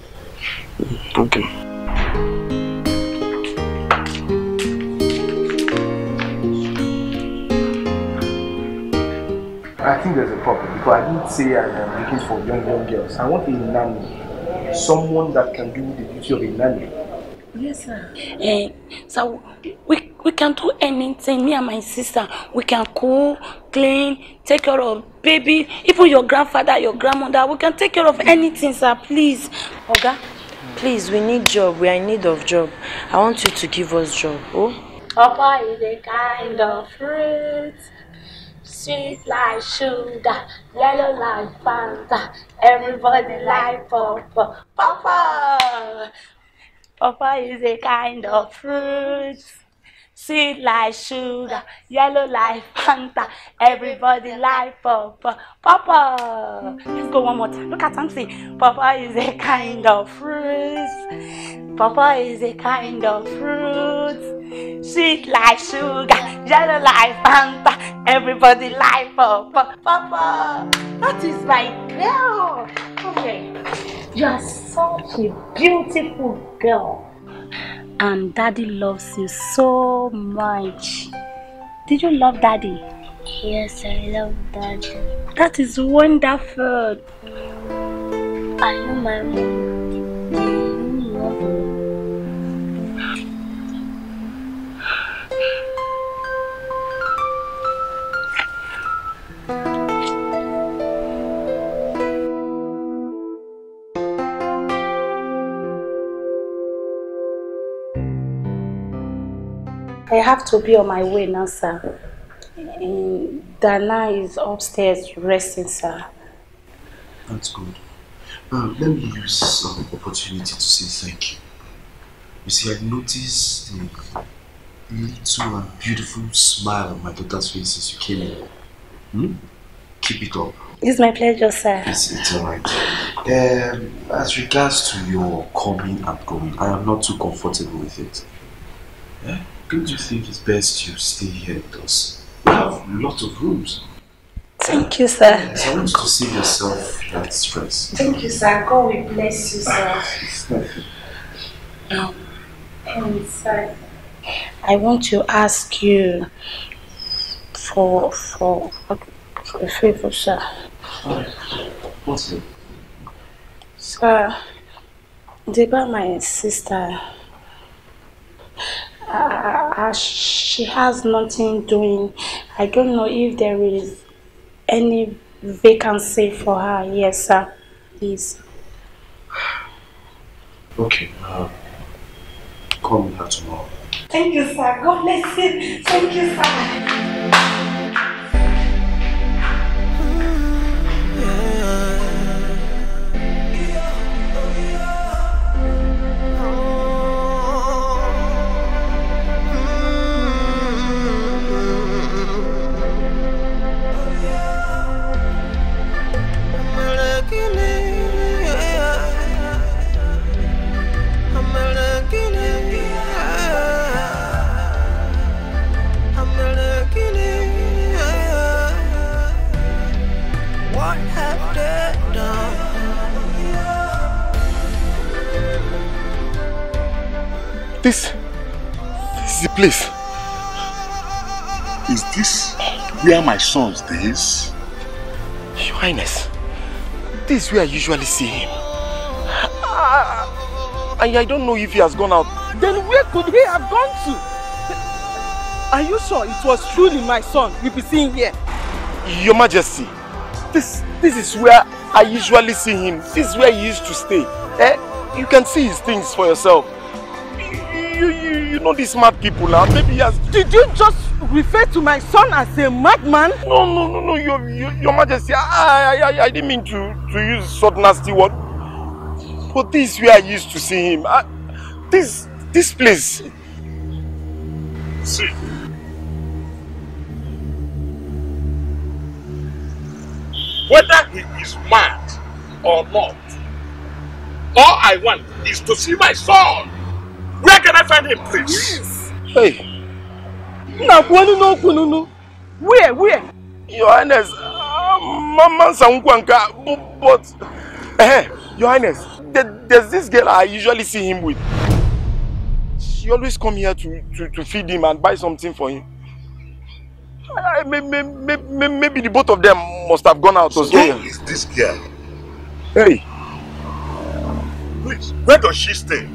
problem because I didn't say I am looking for young, young girls. I want a nanny, someone that can do the duty of a nanny. Yes, sir. Uh, eh, so we we can do anything. Me and my sister, we can cook, clean, take care of baby, even your grandfather, your grandmother. We can take care of anything, sir. Please, Oga. Please, we need job. We are in need of job. I want you to give us job. Oh. Papa is a kind of fruit. Sweet like sugar, yellow like Fanta, everybody like Papa. Papa! Papa is a kind of fruit. Sweet like sugar, yellow like Fanta, everybody like Papa. Papa! Let's go one more time. Look at something. Papa is a kind of fruit. Papa is a kind of fruit, sweet like sugar, yellow like Fanta. Everybody like Papa. Papa, that is my girl. Okay, you are such a beautiful girl, and Daddy loves you so much. Did you love Daddy? Yes, I love Daddy. That is wonderful. Are you my mom? I have to be on my way now, sir. Mm, Dana is upstairs resting, sir. That's good. Uh, let me use some uh, opportunity to say thank you. You see, I noticed the little and beautiful smile on my daughter's face as you came in. Hmm? Keep it up. It's my pleasure, sir. It's, it's alright. Um, as regards to your coming and going, I am not too comfortable with it. Yeah? Don't you think it's best you stay here with us? We have lots of rooms. Thank you, sir. I want to save yourself that stress. Thank you, sir. God will bless you, sir. Ah, um, and, sir, I want to ask you for for, for a favor, sir. What's it? Sir, they my sister. Uh, uh, she has nothing doing. I don't know if there is any vacancy for her. Yes, sir. Please. Okay. Uh, call me her tomorrow. Thank you, sir. God bless you. Thank you, sir. This, this is the place. Is this where my son This, Your Highness, this is where I usually see him. Ah, and I don't know if he has gone out. Then where could he have gone to? Are you sure it was truly my son you be seeing here? Your Majesty, this, this is where I usually see him. This is where he used to stay. Eh? You can see his things for yourself. you, you, you know these mad people now. Maybe yes. Did you just refer to my son as a madman? No, no, no, no, Your, your, your Majesty, I, I, I, I didn't mean to, to use such nasty word. But this way I used to see him. I, this, this place. See. Whether he is mad or not, all I want is to see my son Where can I find him, please? Hey. Nakwani no kununu. Where, where? Your Highness, ah, Mama Sankwanka, but... Eh, Your Highness, there's this girl I usually see him with. She always come here to, to, to feed him and buy something for him. I, may, may, maybe the both of them must have gone out so Who is this girl? Hey. Wait, where does she stay?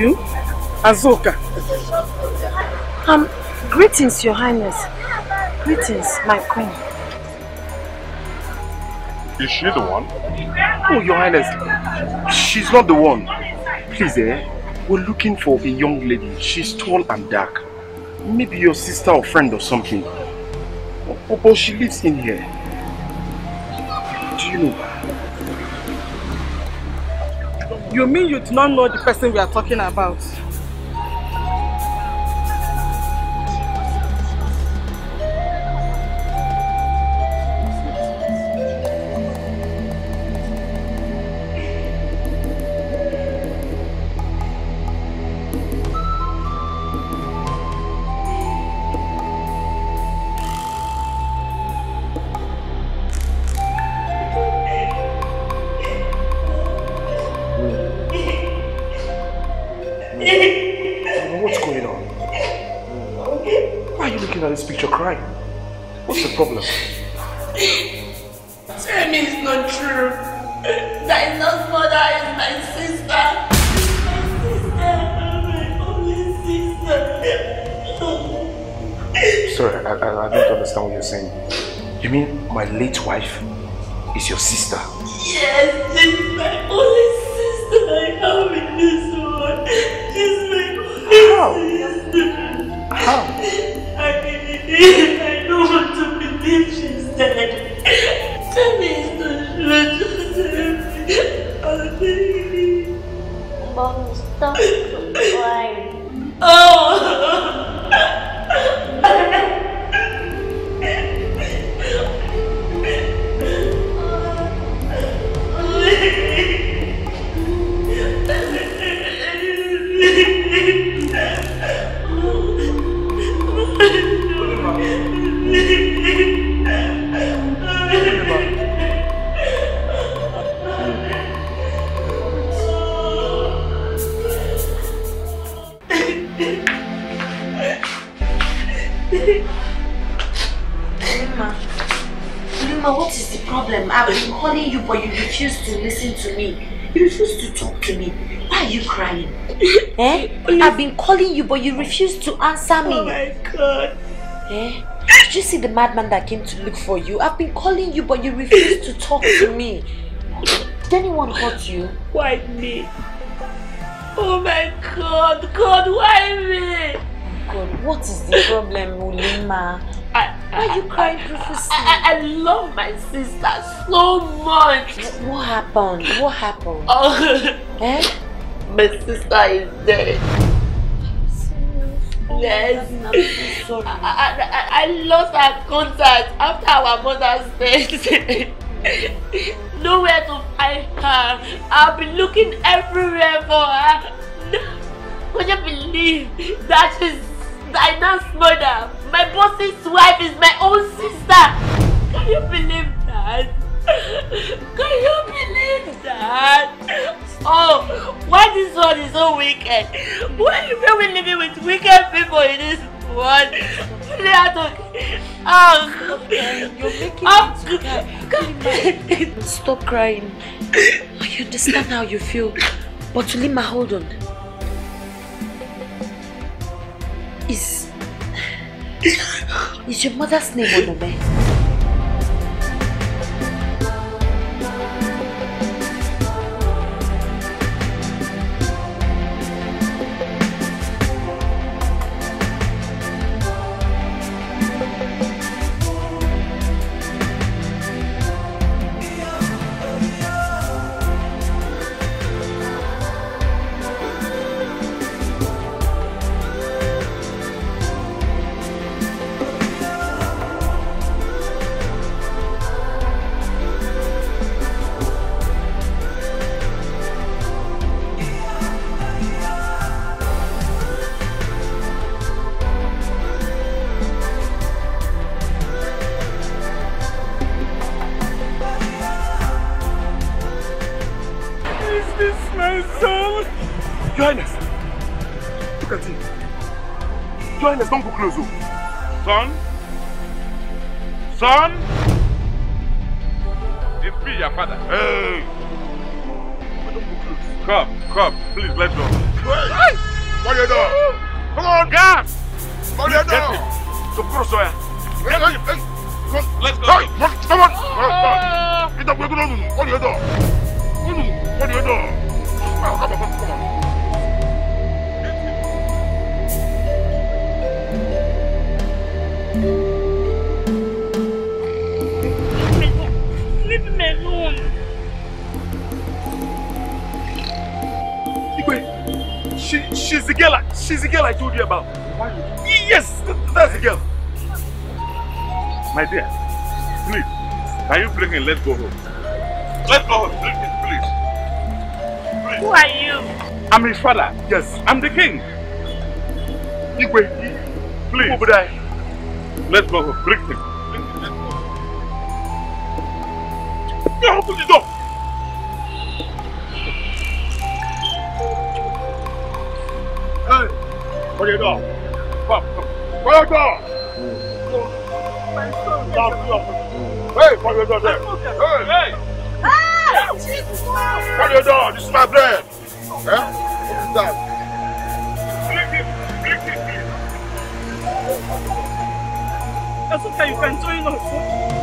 you? Azoka. Um, greetings, Your Highness. Greetings, my queen. Is she the one? Oh, Your Highness, she's not the one. Please, eh? We're looking for a young lady. She's tall and dark. Maybe your sister or friend or something. Oh, but she lives in here. Do you know her? You mean you do not know the person we are talking about? calling you, but you refused to answer me. Oh my God. Eh? Did you see the madman that came to look for you? I've been calling you, but you refused to talk to me. Did anyone hurt you? Why me? Oh my God, God, why me? God, what is the problem, Ulima? Why are you crying profusely? I, I, I, love my sister so much. What happened? What happened? Oh. eh? My sister is dead. goodness. I'm I, I, I lost our contact after our mother's death. [laughs] Nowhere to find her. I've been looking everywhere for her. Would you believe that she's Dinah's mother? My boss's wife is my own sister. Can you believe that? Can you believe that? Oh, why this one is so wicked? Why you people living with wicked people in this world? They are talking. Oh, you're making oh. me cry. stop crying. I understand how you feel. But Lima, hold on. Is. Is your mother's name Onome? now. This is my bread. Eh? What is that? That's okay. You can join us.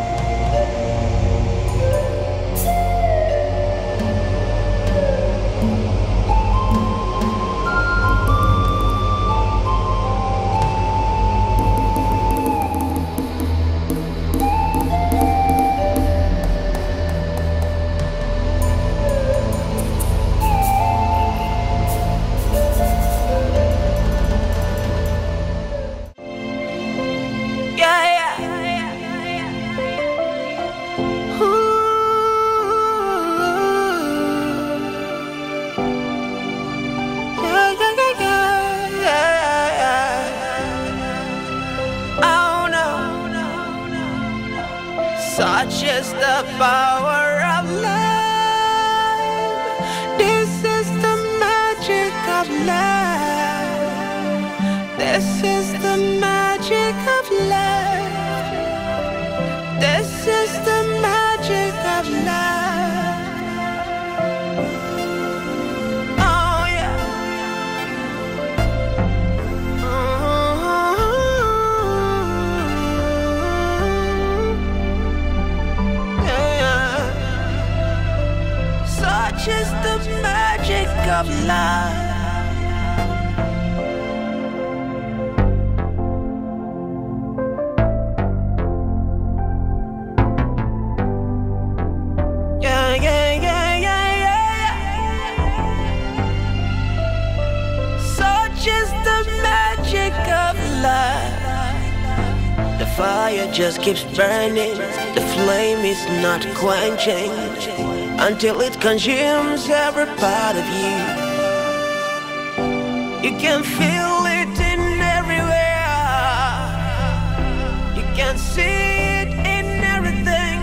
just keeps burning The flame is not quenching Until it consumes every part of you You can feel it in everywhere You can see it in everything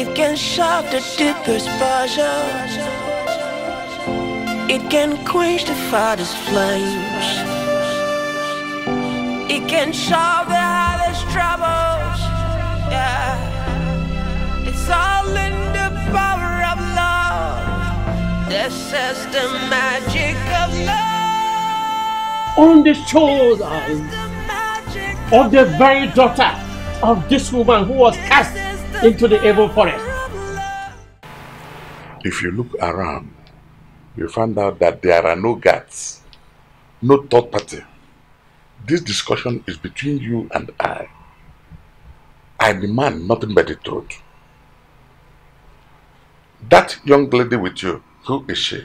It can shock the deepest passion It can quench the farthest flame and solve their highest troubles. Yeah, it's all in the power of love. This is the magic of love. On the shoulders the of the very daughter of this woman who was cast into the evil forest. If you look around, you find out that there are no guards, no third party. This discussion is between you and I. I demand nothing but the truth. That young lady with you, who is she?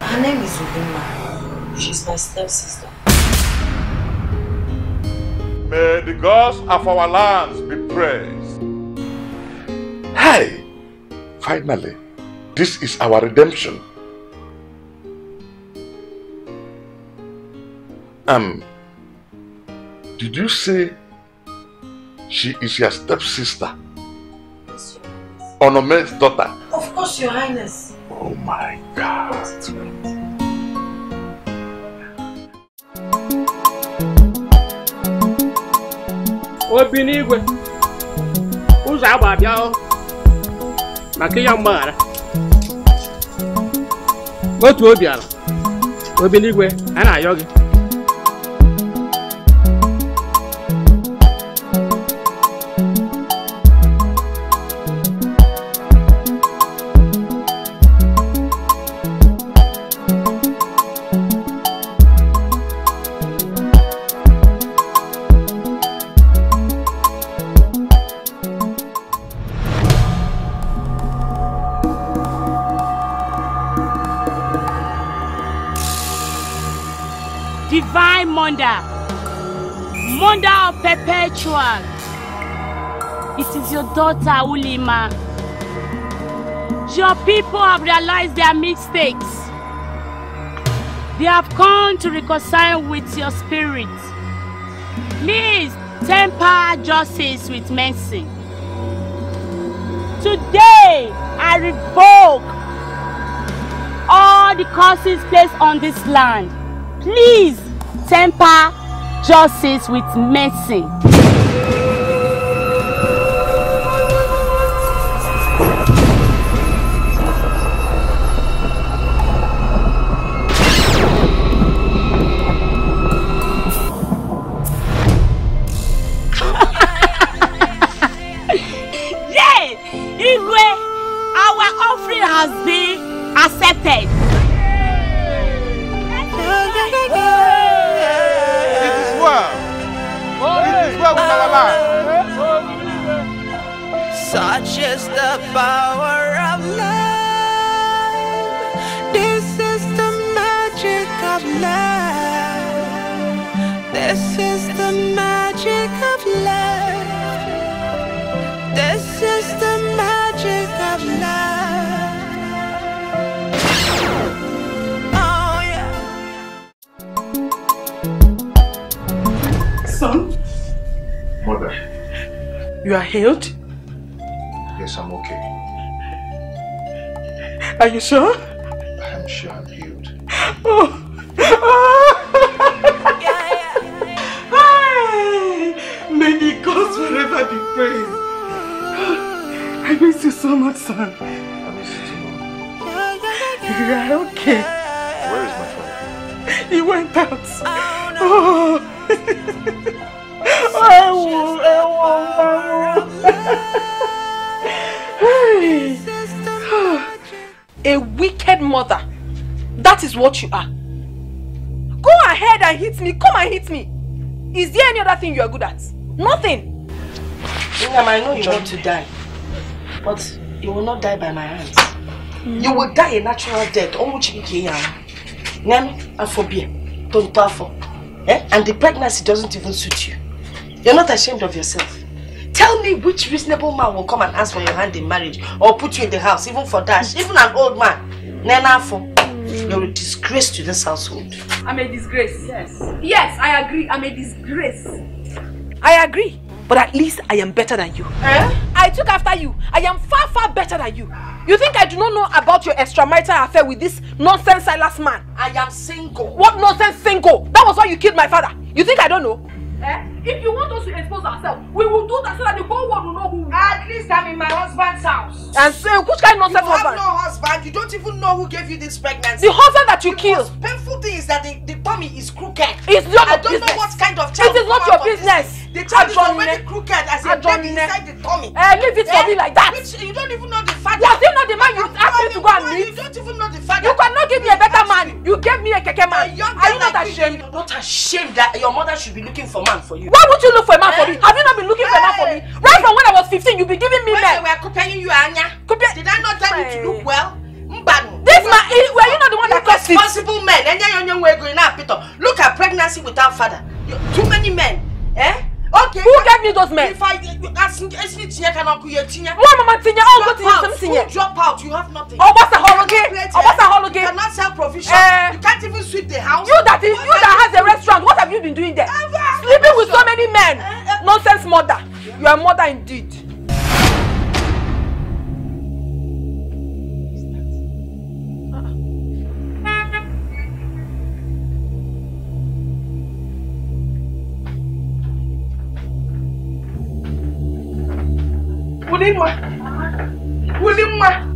Her name is Ubima. She's my stepsister. May the gods of our lands be praised. Hey! Finally, this is our redemption. Um, did you say she is your stepsister? Yes, Onome's daughter? Of course, Your Highness. Oh my God. Obi n'igwe, ụzọ agba abịa maka ya mgbaghara. Otu obi ala, Obi n'igwe, a na-ayọ gị. one. It is your daughter, Ulima. Your people have realized their mistakes. They have come to reconcile with your spirit. Please temper justice with mercy. Today, I revoke all the curses placed on this land. Please temper justice with mercy. killed? Yes, I'm okay. Are you sure? I am sure I'm healed. Oh. yeah, yeah, yeah, hey, many gods forever be praised. I miss you so much, son. I miss you too, Mom. You are okay. Where is my father? He went out. Oh. No. oh. [laughs] [sighs] a wicked mother. That is what you are. Go ahead and hit me. Come and hit me. Is there any other thing you are good at? Nothing. William, I know you want to die. But you will not die by my hands. You will die a natural death. Nemi, aphobia. Don't Eh? And the pregnancy doesn't even suit you. You're not ashamed of yourself. Tell me which reasonable man will come and ask for your hand in marriage or put you in the house, even for dash, even an old man. Nana for you're a disgrace to this household. I'm a disgrace. Yes. Yes, I agree. I'm a disgrace. I agree. But at least I am better than you. Eh? I took after you. I am far, far better than you. You think I do not know about your extramarital affair with this nonsense Silas man? I am single. What nonsense single? That was why you killed my father. You think I don't know? Eh? If you want us to expose ourselves, we will do that so that the whole world will know who we are. At least I'm in my husband's house. And so, which kind of husband? You have no husband. You don't even know who gave you this pregnancy. The husband that you the killed. The painful thing is that the, the tummy is crooked. It's not I don't business. know what kind of child. It is not your business. The child is already crooked as a baby inside the tummy. Uh, leave it for eh, me like that. Which you don't even know the father. are still not the man you asked me to go and meet? You don't even know the father. You cannot give me a better man. You gave me a keke man. Are you not ashamed? Not ashamed that your mother should be looking for man for you. Why would you look for a man for me? Have you not been looking for a man for me? Right from when I was 15, you've been giving me men. When we are comparing you, Anya, did I not tell you to look well? Mbanu. This man, were you not the one that caused it? Responsible men. Look at pregnancy without father. Too many men. Eh? Okay. Who gave me those men? If I asking tinye kana ku ye tinye. Mo mama tinye, oh go tinye some tinye. Drop out, you have nothing. Oh what's a holiday? Oh what's a holiday? You cannot sell provision. Uh, you can't even sweep the house. You that is, you that has a restaurant. What have you been doing there? Sleeping with so many men. Uh, uh, Nonsense mother. You are a mother indeed. dị mma dị mma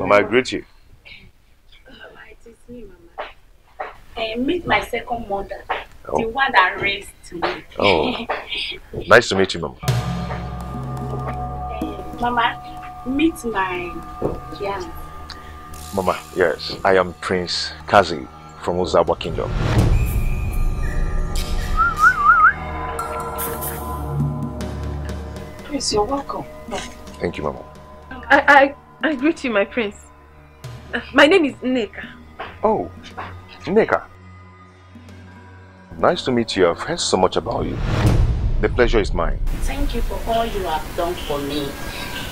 Mama, I greet you. Oh, Mama. Uh, meet my second mother, oh. the one that raised me. Oh, [laughs] nice to meet you, Mama. Uh, Mama, meet my fiance. Mama, yes, I am Prince Kazi from Ozawa Kingdom. Prince, you're welcome. Thank you, Mama. I, I, I greet you, my prince. my name is Neka. Oh, Neka. Nice to meet you. I've heard so much about you. The pleasure is mine. Thank you for all you have done for me.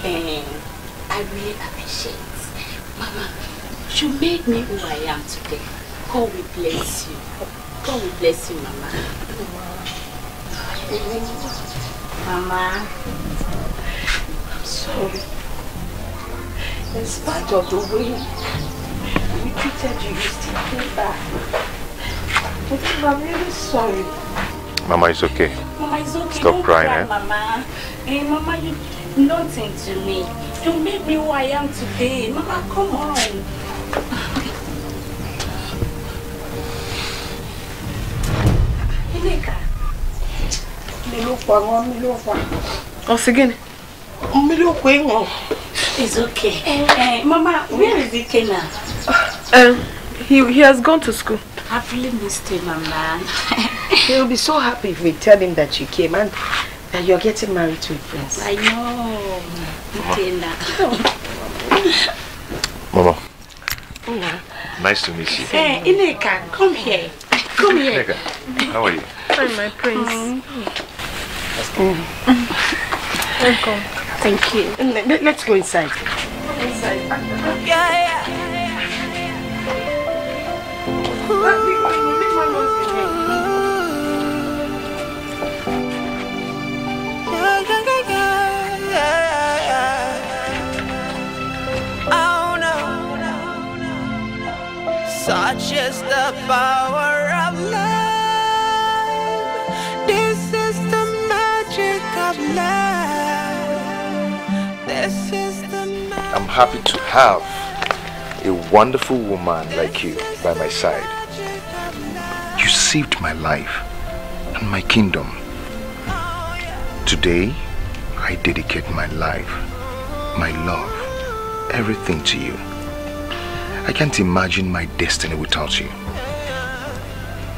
And eh, I really appreciate Mama, you made me who I am today. God will bless you. God will bless you, Mama. Mama, I'm sorry. In spite of the way we treated you, you still came back. I I'm really sorry. Mama, it's okay. Mama, it's okay. Stop Don't crying, cry, eh? Mama. Hey, eh, Mama, you are nothing to me. You made me who I am today. Mama, come on. pọ̀rọ̀ mi It's okay. Uh, uh, Mama, where is Ike now? Uh, he, he has gone to school. I've really missed him, my man. He'll be so happy if we tell him that you came and that you're getting married to a prince. I know. Ike now. [laughs] Nice to meet you. Hey, Ineka, come here. Come here. Ineka, how are you? Hi, my prince. Mm. Welcome. Thank you. Let's go inside. Inside. Yeah, yeah. yeah, yeah. power of love. This is the magic of love. This is the magic. I'm happy to have a wonderful woman like you by my side. You saved my life and my kingdom. Today, I dedicate my life, my love, everything to you. I can't imagine my destiny without you.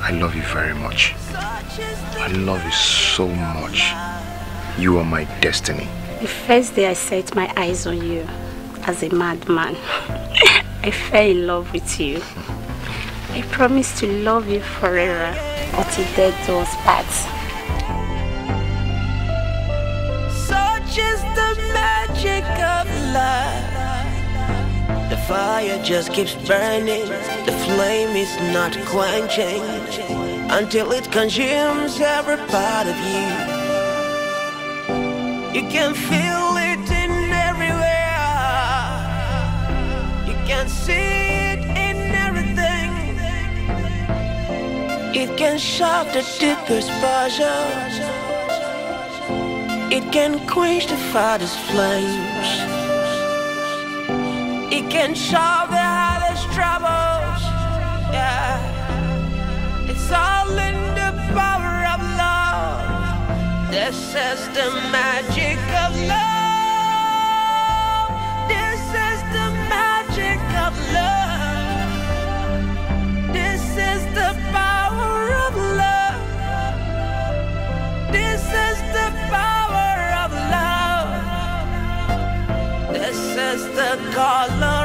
I love you very much. I love you so much. You are my destiny. The first day I set my eyes on you as a madman, [laughs] I fell in love with you. I promise to love you forever until death do us part. Such is the magic fire just keeps burning The flame is not quenching Until it consumes every part of you You can feel it in everywhere You can see it in everything It can shock the deepest passion It can quench the father's flame he can solve the hardest troubles. Yeah. It's all in the power of love. This is the magic of love. love.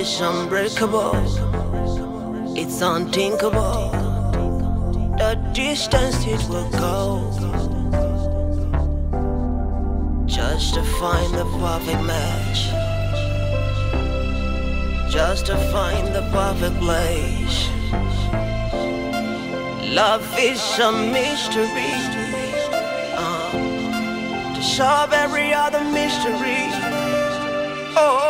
is unbreakable, it's unthinkable. The distance it will go. Just to find the perfect match, just to find the perfect place. Love is a mystery. Uh, to solve every other mystery. Oh.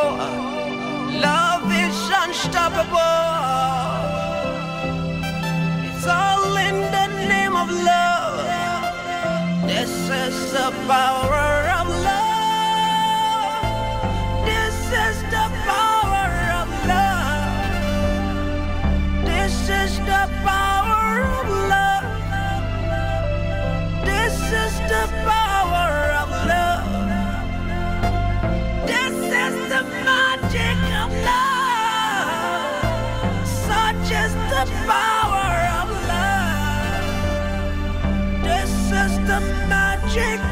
It's all in the name of love. This is the power. Jake!